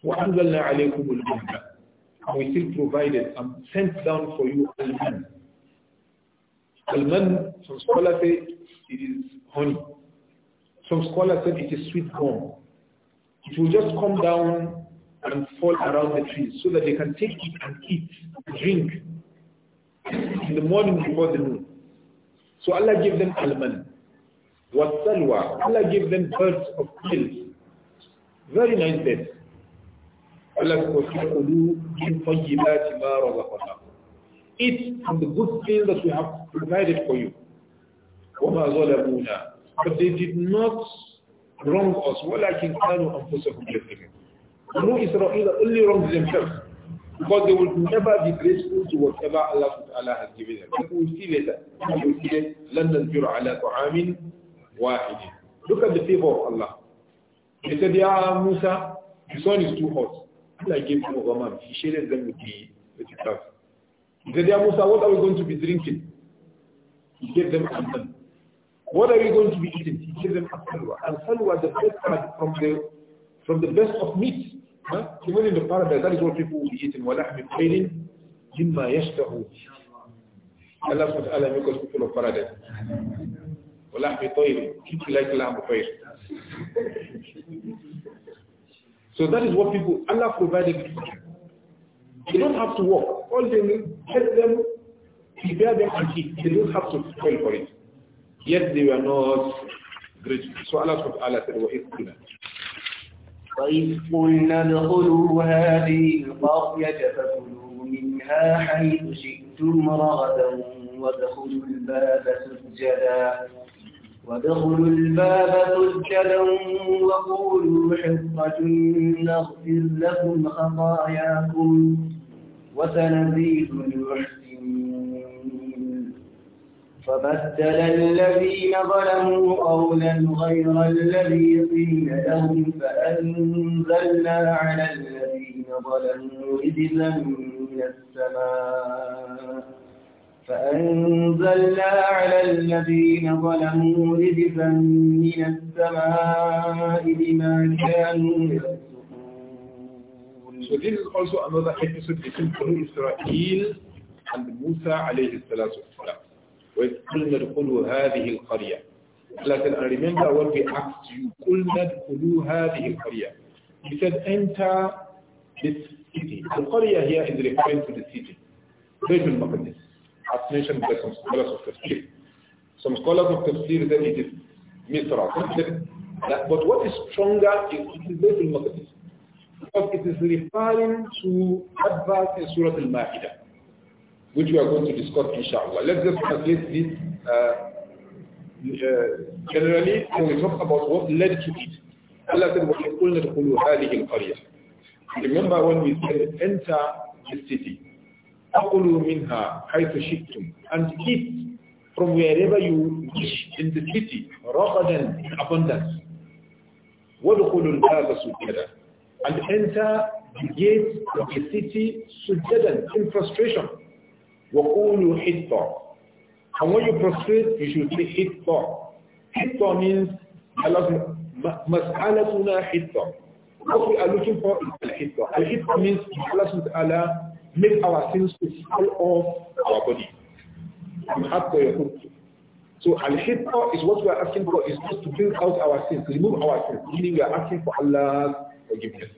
وَأَنْزَلْنَا عَلَيْكُمُ الْغَمَامِ we still provided and sent down for you Al-Man. some scholars say it is honey. Some scholars said it is sweet corn. It will just come down and fall around the trees so that they can take it and eat, drink in the morning before the noon. So Allah gave them almond. Wasalwa. Allah gave them birds of hills. Very nice birds. It is Eat from the good things that we have provided for you. But they did not wrong us. No Israel only wronged themselves because they will never be grateful to whatever Allah Ta'ala has given them. But we see later. Look at the favor of Allah. He said, Ya Musa, the sun is too hot. Still I gave some of Amam. He shared them with the, with the crowd. He said, Ya Musa, what are we going to be drinking? He gave them Amman. What are we going to be eating? He gave them Al-Salwa. Al-Salwa, the best part from the, from the best of meat. Huh? Even in the paradise, that is what people will be eating. وَلَحْمِ خَيْرٍ مِمَّا يَشْتَهُونَ Allah subhanahu wa ta'ala make us people of paradise. وَلَحْمِ طَيْرٍ People like lamb of So that is what people, Allah provided. They don't have to work. All they need, help them, prepare them and eat. They don't have to pay for it. Yet they were not grateful. So Allah said, Allah said, وَإِذْ كُنَا وإذ قلنا فكلوا منها حيث شئتم رغدا الباب سجدا وادخلوا الباب سجدا وقولوا حصة نغفر لكم خطاياكم وسنزيد المحسنين فبدل الذين ظلموا قولا غير الذي قيل لهم فأنزلنا على الذين ظلموا رجزا من السماء فأنزلنا على الذين ظلموا رجفا من السماء بما كانوا So this is also another episode between Banu Israel and Musa alayhi salatu wasalam. وَإِذْ قُلْنَا ادْخُلُوا هَذِهِ الْقَرْيَةِ Allah said, and remember when we asked you, قُلْنَا ادْخُلُوا هَذِهِ الْقَرْيَةِ He said, enter this city. Al-Qariya here is referring to the city, Bayt al-Maqdis. as mentioned by some scholars of Tafsir. Some scholars of Tafsir then it is Misra. But what is stronger is it is al Maqdis. Because it is referring to advice in Surah Al-Ma'idah, which we are going to discuss inshallah. Let's just translate this uh, uh, generally when we talk about what led to it. Allah said, وَيَقُلْنَ دْخُلُوا هَذِهِ الْقَرْيَةِ Remember when we said, enter the city. أَقُلُوا مِنْهَا حَيْثُ شِئْتُمْ And eat from wherever you wish in the city, رَغَدًا in abundance. وَدْخُلُوا الْبَابَ سُجَّدًا And enter the gates of the city سُجَّدًا in frustration. وَقُولُوا حِطَّاَ And when you prostrate, you should say حِطَّاَ حِطَّاَ means مَسْأَلَتُنَا حِطَّاَ What we are looking for is الحِطَّاَ الحِطَّاَ means Allah subhanahu make our sins to fall off our body. So al-hitta is what we are asking for, is just to bring out our sins, remove our sins, meaning we are asking for Allah's forgiveness.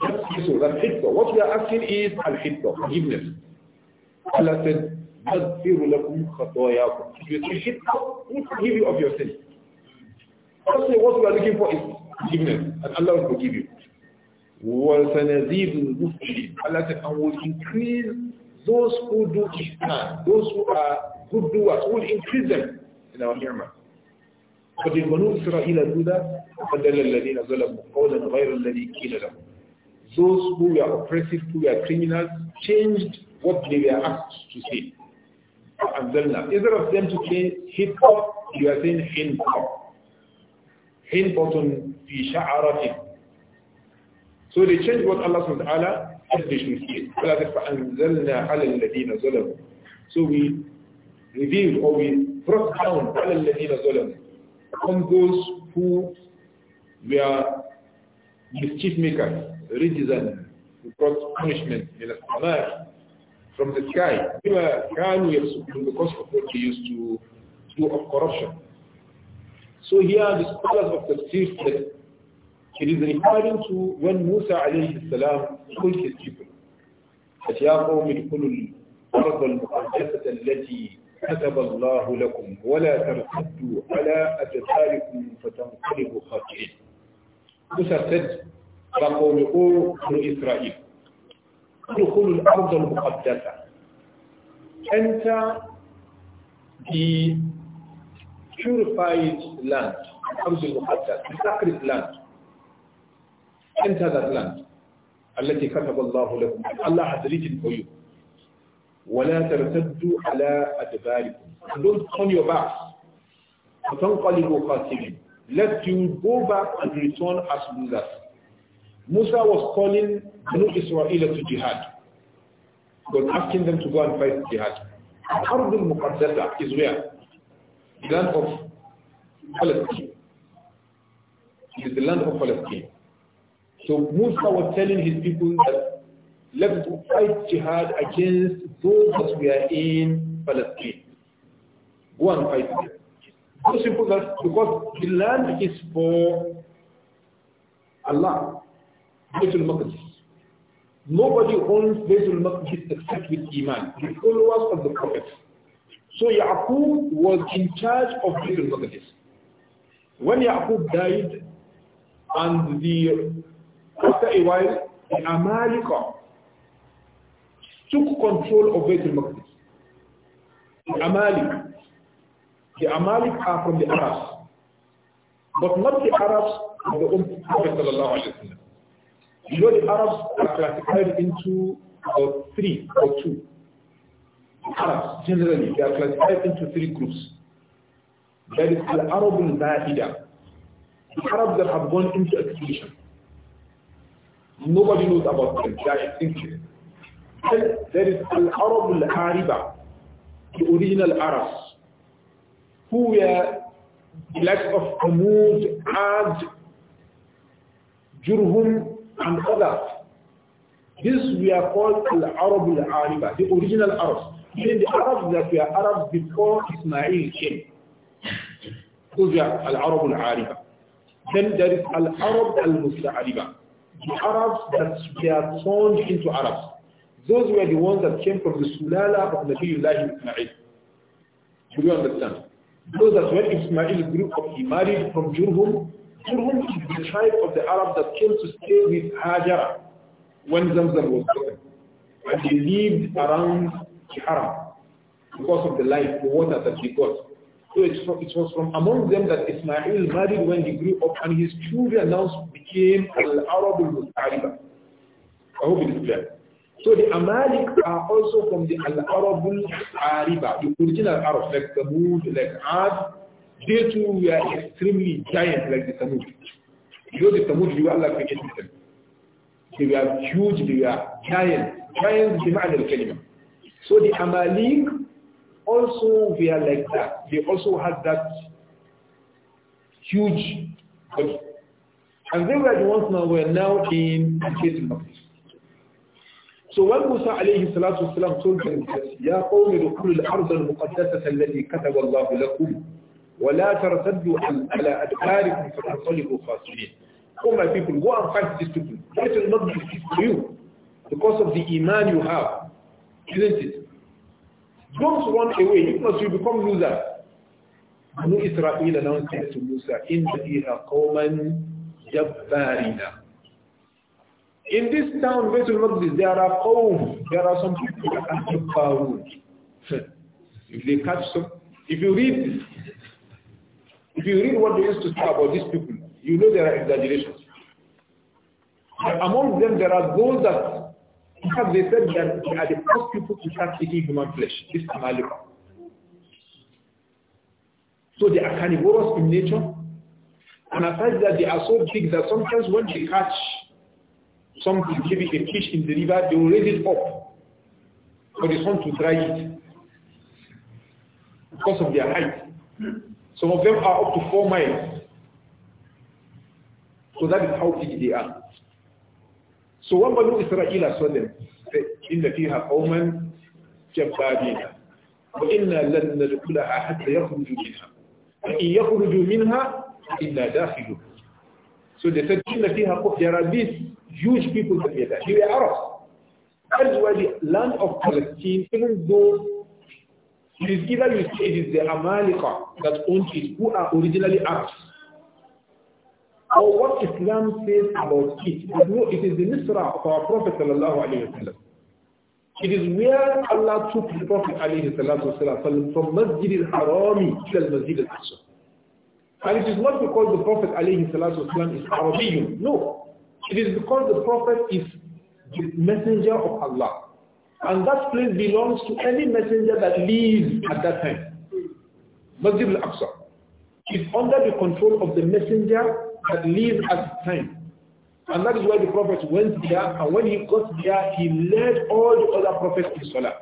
so that's hitta. What we are asking is al-hitta, forgiveness. Allah said, أَغْفِرُ لَكُمْ You forgive you of your sins. Firstly, what we are looking for is forgiveness, and Allah will forgive you. وَسَنَزِيدُ الْمُفْتِرِينَ and will increase those who do ihsan, those who are good doers, will increase them in our ni'mah. قد بنو إسرائيل الهدى فبدل الذين ظلموا قولا غير الذي قيل لهم Those who were oppressive, who were criminals, changed what they were asked to say. أنزلنا Either of them to say hip hop, you are saying hin hop. hin button في so they change what Allah subhanahu wa ta'ala definition So we reveal or we brought down عَلَى الَّذِينَ on those who were mischief makers, reason, who brought punishment in a from the sky. They were because of what they used to do of corruption. So here the scholars of the tafsir said It is referring to when Musa alayhi salam told his people that يا قوم ادخلوا الأرض المقدسة التي كتب الله لكم ولا ترتدوا على أدباركم فتنقلبوا خاسرين. Musa said, يا قوم قولوا إسرائيل ادخلوا الأرض المقدسة enter the purified land, الأرض المقدسة, the sacred land Enter that land. التي كتب الله لكم Allah has written for you ولا ترتدوا على أدباركم don't turn your backs فتنقلبوا خاسرين let you go back and return as losers Musa was calling Banu Israel to jihad he was asking them to go and fight jihad الأرض المقدسة is where the land of Palestine it is the land of Palestine so Musa was telling his people that let's fight jihad against those that were in Palestine. Go and fight them. So simple that because the land is for Allah, Baitul Maqdis. Nobody owns Baitul Maqdis except with Iman, the followers of the Prophet. So Yaqub was in charge of Baitul Maqdis. When Yaqub died and the after a while, the Amalika took control of Beit al-Maqdis. The Amalik. The Amalik are from the Arabs. But not the Arabs of the Ummah Prophet sallallahu alayhi wa sallam. You know the Arabs are classified into about three or two. The Arabs, generally, they are classified into three groups. There is Al-Arab al-Zahida. The Arabs that have gone into extinction. Nobody knows about them. They are extinction. Then there is Al-Arab Al-Ariba, the original Arabs, who were the likes of Amud, Ad, Jurhum, and others. we are called Al-Arab Al-Ariba, the original Arabs. Meaning the Arabs that were Arabs before Ismail came. Those were Al-Arab Al-Ariba. Then there is Al-Arab Al-Musta'ariba the Arabs that were turned into Arabs. Those were the ones that came from the Sulala of Nabiullah Ismail. Do you understand? Those that when Ismail grew up, he married from Jurhum. Jurhum is the tribe of the Arabs that came to stay with Hajar when Zamzam was born. And they lived around the Haram because of the life, the water that they got. So it was from among them that Ismail married when he grew up and his children now became Al-Arab al-Mutariba. I hope it is clear. So the Amalek are also from the Al-Arab al-Ariba, the original Arabs like Thamud, like Ad. They too were extremely giant like the Thamud. You know the Thamud, you Allah created them. They were huge, they were giant. Giant, the al So the Amalek also were like that. They also had that huge body. And they were the ones now were now in Baitul So when Musa alayhi salatu wasalam told them that, يَا قَوْمِ دُخُلُ الْأَرْضَ الْمُقَدَّسَةَ الَّتِي كَتَبَ اللَّهُ لَكُمْ وَلَا تَرْتَدُّوا عَلَى أَدْبَارِكُمْ فَتَنْصَلِبُوا خَاسِرِينَ Oh my people, go and fight these people. It will not be for you because of the iman you have, isn't it? Don't run away. because you become loser. Israel announced to Musa, In this town, there are qawm, there are some people that are jabbarun. if they catch some, if you read, if you read what they used to say about these people, you know there are exaggerations. But among them, there are those that in fact, they said that they are the first people to start eating human flesh, this Amalika. So they are carnivorous in nature. And aside that, they are so big that sometimes when they catch something, maybe a fish in the river, they will raise it up for the sun to dry it because of their height. Some of them are up to four miles. So that is how big they are. So when Banu Israel saw them, said, إِنَّ فِيهَا قَوْمًا جَبَّارِينَ وَإِنَّا لَنْ نَدْخُلَهَا حَتَّى minha. مِنْهَا وَإِنْ يَخْرُجُوا مِنْهَا إِنَّا دَاخِلُونَ So they said, إِنَّ فِيهَا قَوْمًا There are these huge people that were there. They were Arabs. That's why the land of Palestine, even though it is either you say it is the Amalika that owns it, who are originally Arabs, or what Islam says about it. it is the Nisra of our Prophet sallallahu It is where Allah took the Prophet alayhi from Masjid al-Harami to Masjid al-Aqsa. And it is not because the Prophet alayhi is Arabian. No. It is because the Prophet is the messenger of Allah. And that place belongs to any messenger that lives at that time. Masjid al-Aqsa is under the control of the messenger that leave at the time. And that is why the prophet went there, and when he got there, he led all the other prophets to Salah.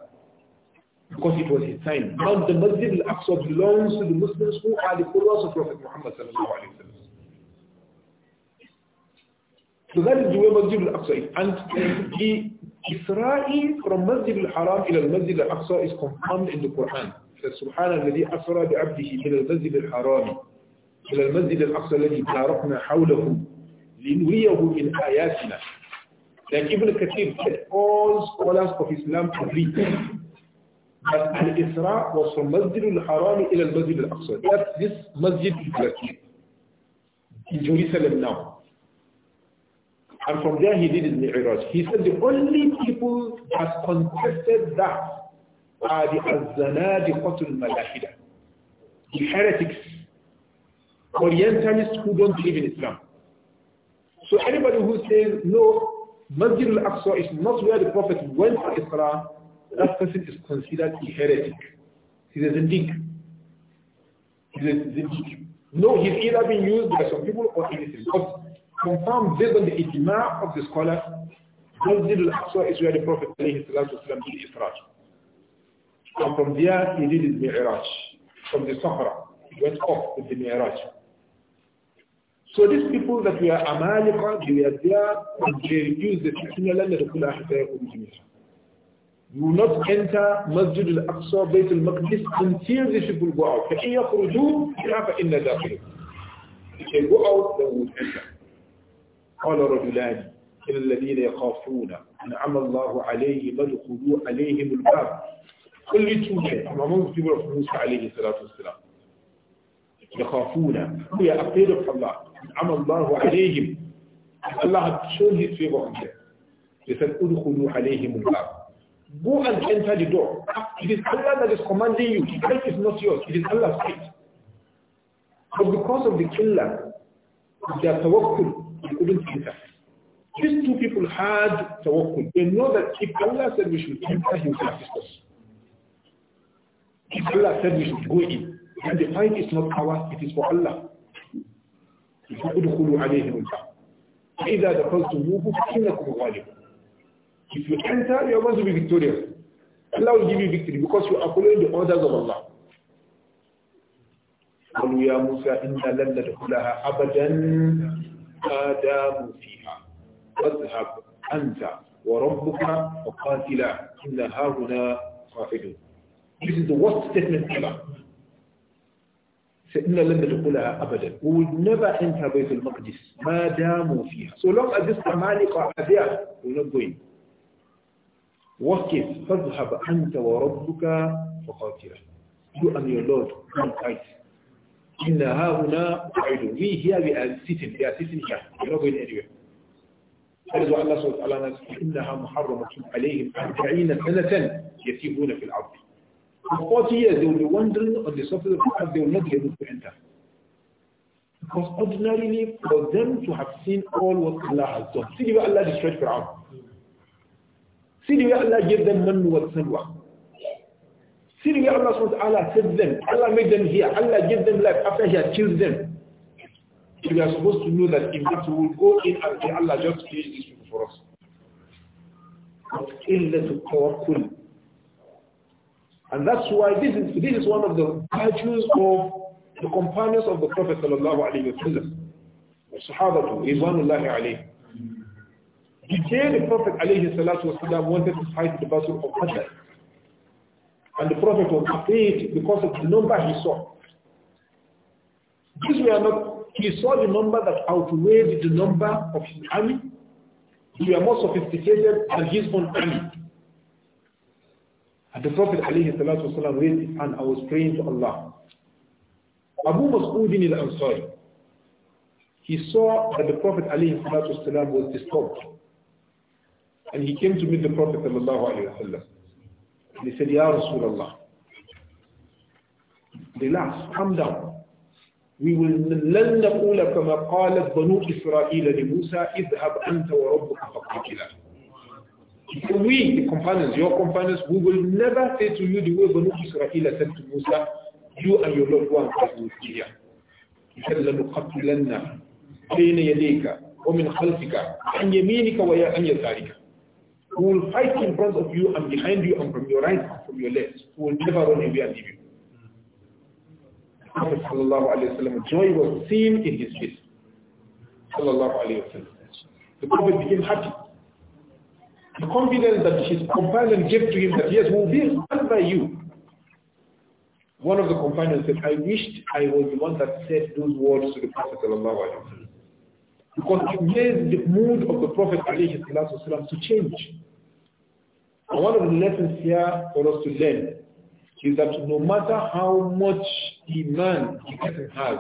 Because it was his time. Now the Masjid al-Aqsa belongs to the Muslims who are the followers of Prophet Muhammad sallallahu alayhi wa sallam. So that is the way Masjid al-Aqsa is. And the Israel from Masjid al-Haram ila Masjid al-Aqsa is confirmed in the Quran. It says, سبحان الذي أسرى بعبده Masjid al الحرام إلى المسجد الأقصى الذي باركنا حوله لنريه من آياتنا Like Ibn Kathir said, all scholars of Islam agree that Al-Isra was from Masjid al-Haram ila al-Masjid al-Aqsa. That's this Masjid al-Qasim in Jerusalem now. And from there he did his Mi'raj. He said the only people that contested that are the Az-Zanadiqatul Malahida, the heretics Orientalists who don't believe in Islam. So anybody who says, no, Masjid al-Aqsa is not where the Prophet went to Isra, that person is considered a heretic. He's a zindiq. He's a zindiq. No, he's either being used by some people or anything. But confirmed based on the ijma of the scholar, Masjid al-Aqsa is where the Prophet did Isra. And from there, he did his Mi'raj. From the Sahara, he went off with the Mi'raj. So these people that we are Amalika, they are there, and they used the Fitna the Kula You will not enter Masjid al-Aqsa, Bayt al-Maqdis until these people go out. فَإِنْ يَخْرُجُوا فَإِنَّ دَاخِلُ If they go out, they will enter. قال رجلان إلى الذين يخافون أنعم الله عليهم ادخلوا عليهم الباب only two men among the people of Musa alayhi salatu wasalam. يخافون. They are afraid of Allah amallahu alayhim. Allah had shown his favor on them. said, Udkhulu alayhim al Go and enter the door. It is Allah that is commanding you. The right is not yours. It is Allah's right. But because of the killer, their tawakkul, they couldn't enter. These two people had tawakkul. They know that if Allah said we should enter, He will assist us. If Allah said we should go in, then the fight is not ours, it is for Allah. فادخلوا عليهم الباب فإذا دخلتموه فإنكم غالبون If you enter, you are going to be victorious. Allah will give you victory because you are following the orders of Allah. قالوا يا موسى إنا لن ندخلها أبدا ما داموا فيها فاذهب أنت وربك وقاتلا إن هاهنا قاعدون This is the worst statement ever. سيدنا لم يدخلها ابدا ونبا انت بيت المقدس ما داموا فيها سو لو اجس مالك وعزيا ونبوي وقف فاذهب انت وربك فقاتلا يو ان يو لورد كم كايس ان ها هنا قاعد في هي بي ان سيتن يا سيتن يا ربي ادري فرض الله سبحانه وتعالى انها محرمه عليهم 40 سنه يسيبون في الارض For 40 years, they will be wandering on the surface of the earth, they will not be able to enter. Because ordinarily, for them to have seen all what Allah has done. See the way Allah destroyed Fir'aun. See the way Allah gave them man wa salwa. See the way Allah SWT saved them. Allah made them here. Allah gave them life after He had killed them. We are supposed to know that in fact we will go in and say, Allah just finished this for us. But إِلَّا تُقَوَّكُلُ and that's why this is, this is one of the virtues of the companions of the Prophet sallallahu alayhi wa sallam. Sahabatu, Rizwanullahi alayhi. The day the Prophet alayhi salatu wasallam wanted to fight the battle of Badr. And the Prophet was afraid because of the number he saw. we are not, he saw the number that outweighed the number of his army. They were more sophisticated than his own army. And the Prophet والسلام, raised his hand, was praying to Allah. Abu Mas'udin al-Ansari, he saw that the Prophet والسلام, was disturbed. And he came to meet the Prophet وسلم, and he said, Ya The relax, calm down. We will لن نقول كما قالت بنو إسرائيل لموسى اذهب أنت وربك فقاتلا we, the companions, your companions, we will never say to you the way Banu Israel said to Musa, you and your loved ones will in Syria. He said, لَنُقَتِّلَنَّ بَيْنَ يَدَيْكَ وَمِنْ خَلْفِكَ عَنْ يَمِينِكَ يَسَارِكَ We will fight in front of you and behind you and from your right and from your left. We will never run away and leave you. Prophet sallallahu alayhi wa sallam, joy was seen in his face. Sallallahu alayhi wa sallam. The Prophet became happy. The confidence that his companion gave to him that yes, we'll be stand by you. One of the companions said, I wished I was the one that said those words to the Prophet Because it made the mood of the Prophet to change. And one of the lessons here for us to learn is that no matter how much demand he person has,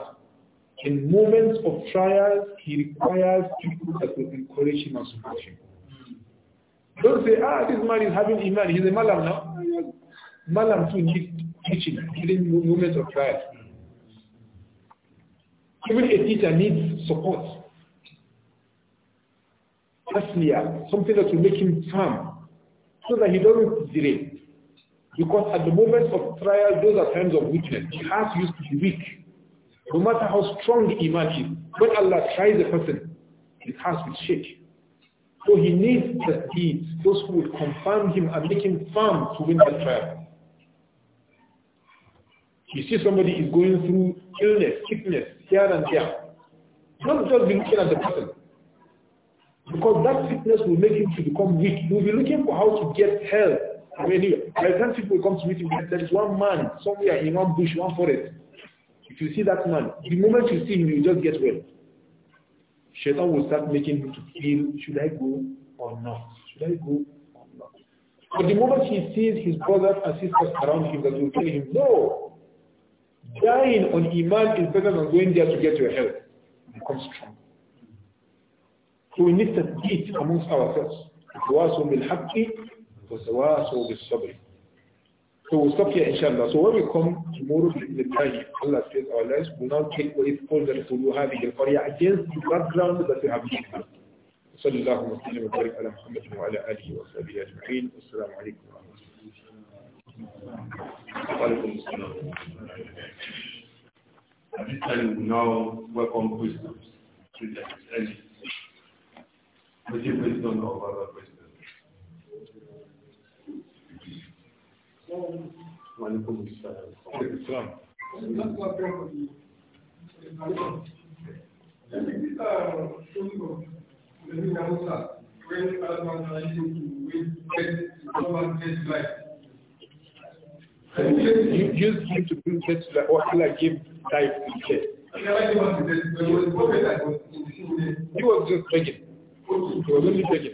in moments of trials, he requires people that will encourage him and support him. Don't say, ah, this man is having iman. He's a malam now. Malam too needs teaching during moments of trial. Even a teacher needs support. Tasliya, something that will make him firm so that he doesn't delay. Because at the moments of trial, those are times of weakness. He has used to be weak. No matter how strong the iman is, when Allah tries a person, his heart will shake. So he needs that he, those who will confirm him and make him firm to win that trial. You see somebody is going through illness, sickness, here and there. Not just be looking at the person. Because that sickness will make him to become weak. He will be looking for how to get help from anywhere. By the time people come to meet him, there is one man somewhere in one bush, one forest. If you see that man, the moment you see him, you just get well. Shaitan will start making him to feel, should I go or not? Should I go or not? But the moment he sees his brothers and sisters around him that will tell him, no, dying on Iman is better than going there to get your help, become strong. So we need to teach amongst ourselves. وَسَوَاسُوا بِالْحَقِّ وَسَوَاسُوا بِالصَّبْرِ so we'll stop here inshallah. So when we come tomorrow the time, Allah says our lives, will now take what is that the have al-Qariya against the background that we have given. صلى الله وسلم وبارك على محمد وعلى اله وصحبه اجمعين والسلام عليكم ورحمه الله وعليكم السلام At this time, we now welcome Christians to the Christian. Would you please don't وعليكم السلام Use him to bring death to or give life to He was just begging. He was only begging.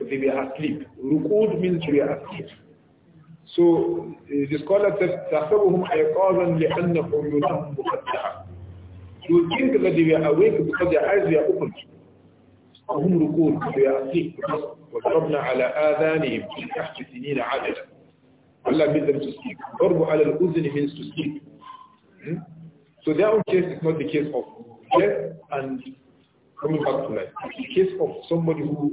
they were asleep. Rukud means they were asleep. So uh, the scholar said, تَحْسَبُهُمْ أَيْقَاظًا لِأَنَّهُمْ يُنَامُ مُخَدَّعًا You think that they were awake because their eyes were open. وهم ركود they are asleep وضربنا على آذانهم في تحت سنين عددا Allah made them to sleep. ضرب على الأذن means to sleep. Hmm? So their own case is not the case of death and coming back to life. It's the case of somebody who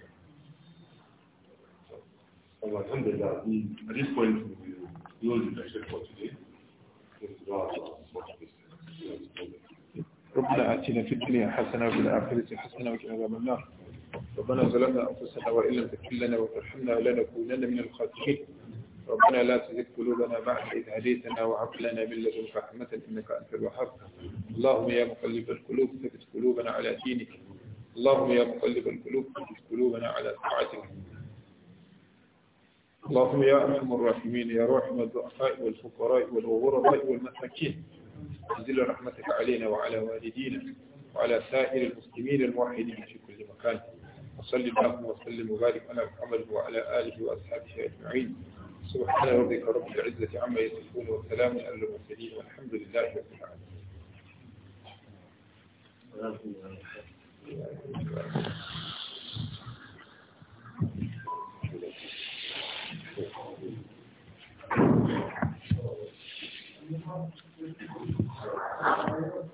we, at this point, we will lecture for today. ربنا آتنا في الدنيا حسنة وفي الآخرة حسنة وقنا عذاب النار ربنا ظلمنا أنفسنا وإن لم تغفر لنا وترحمنا لنكونن من الخاسرين ربنا لا تزغ قلوبنا بعد إذ هديتنا وهب لنا من لدنك رحمة إنك أنت الوهاب اللهم يا مقلب القلوب ثبت قلوبنا على دينك اللهم يا مقلب القلوب ثبت قلوبنا على طاعتك اللهم يا أرحم الراحمين يا راحم الضعفاء والفقراء والغرباء والمساكين أنزل رحمتك علينا وعلى والدينا وعلى سائر المسلمين الموحدين في كل مكان وصل اللهم وسلم وبارك على محمد وعلى آله وأصحابه أجمعين سبحان ربك رب العزة عما يصفون وسلام على المرسلين والحمد لله رب العالمين Thank you.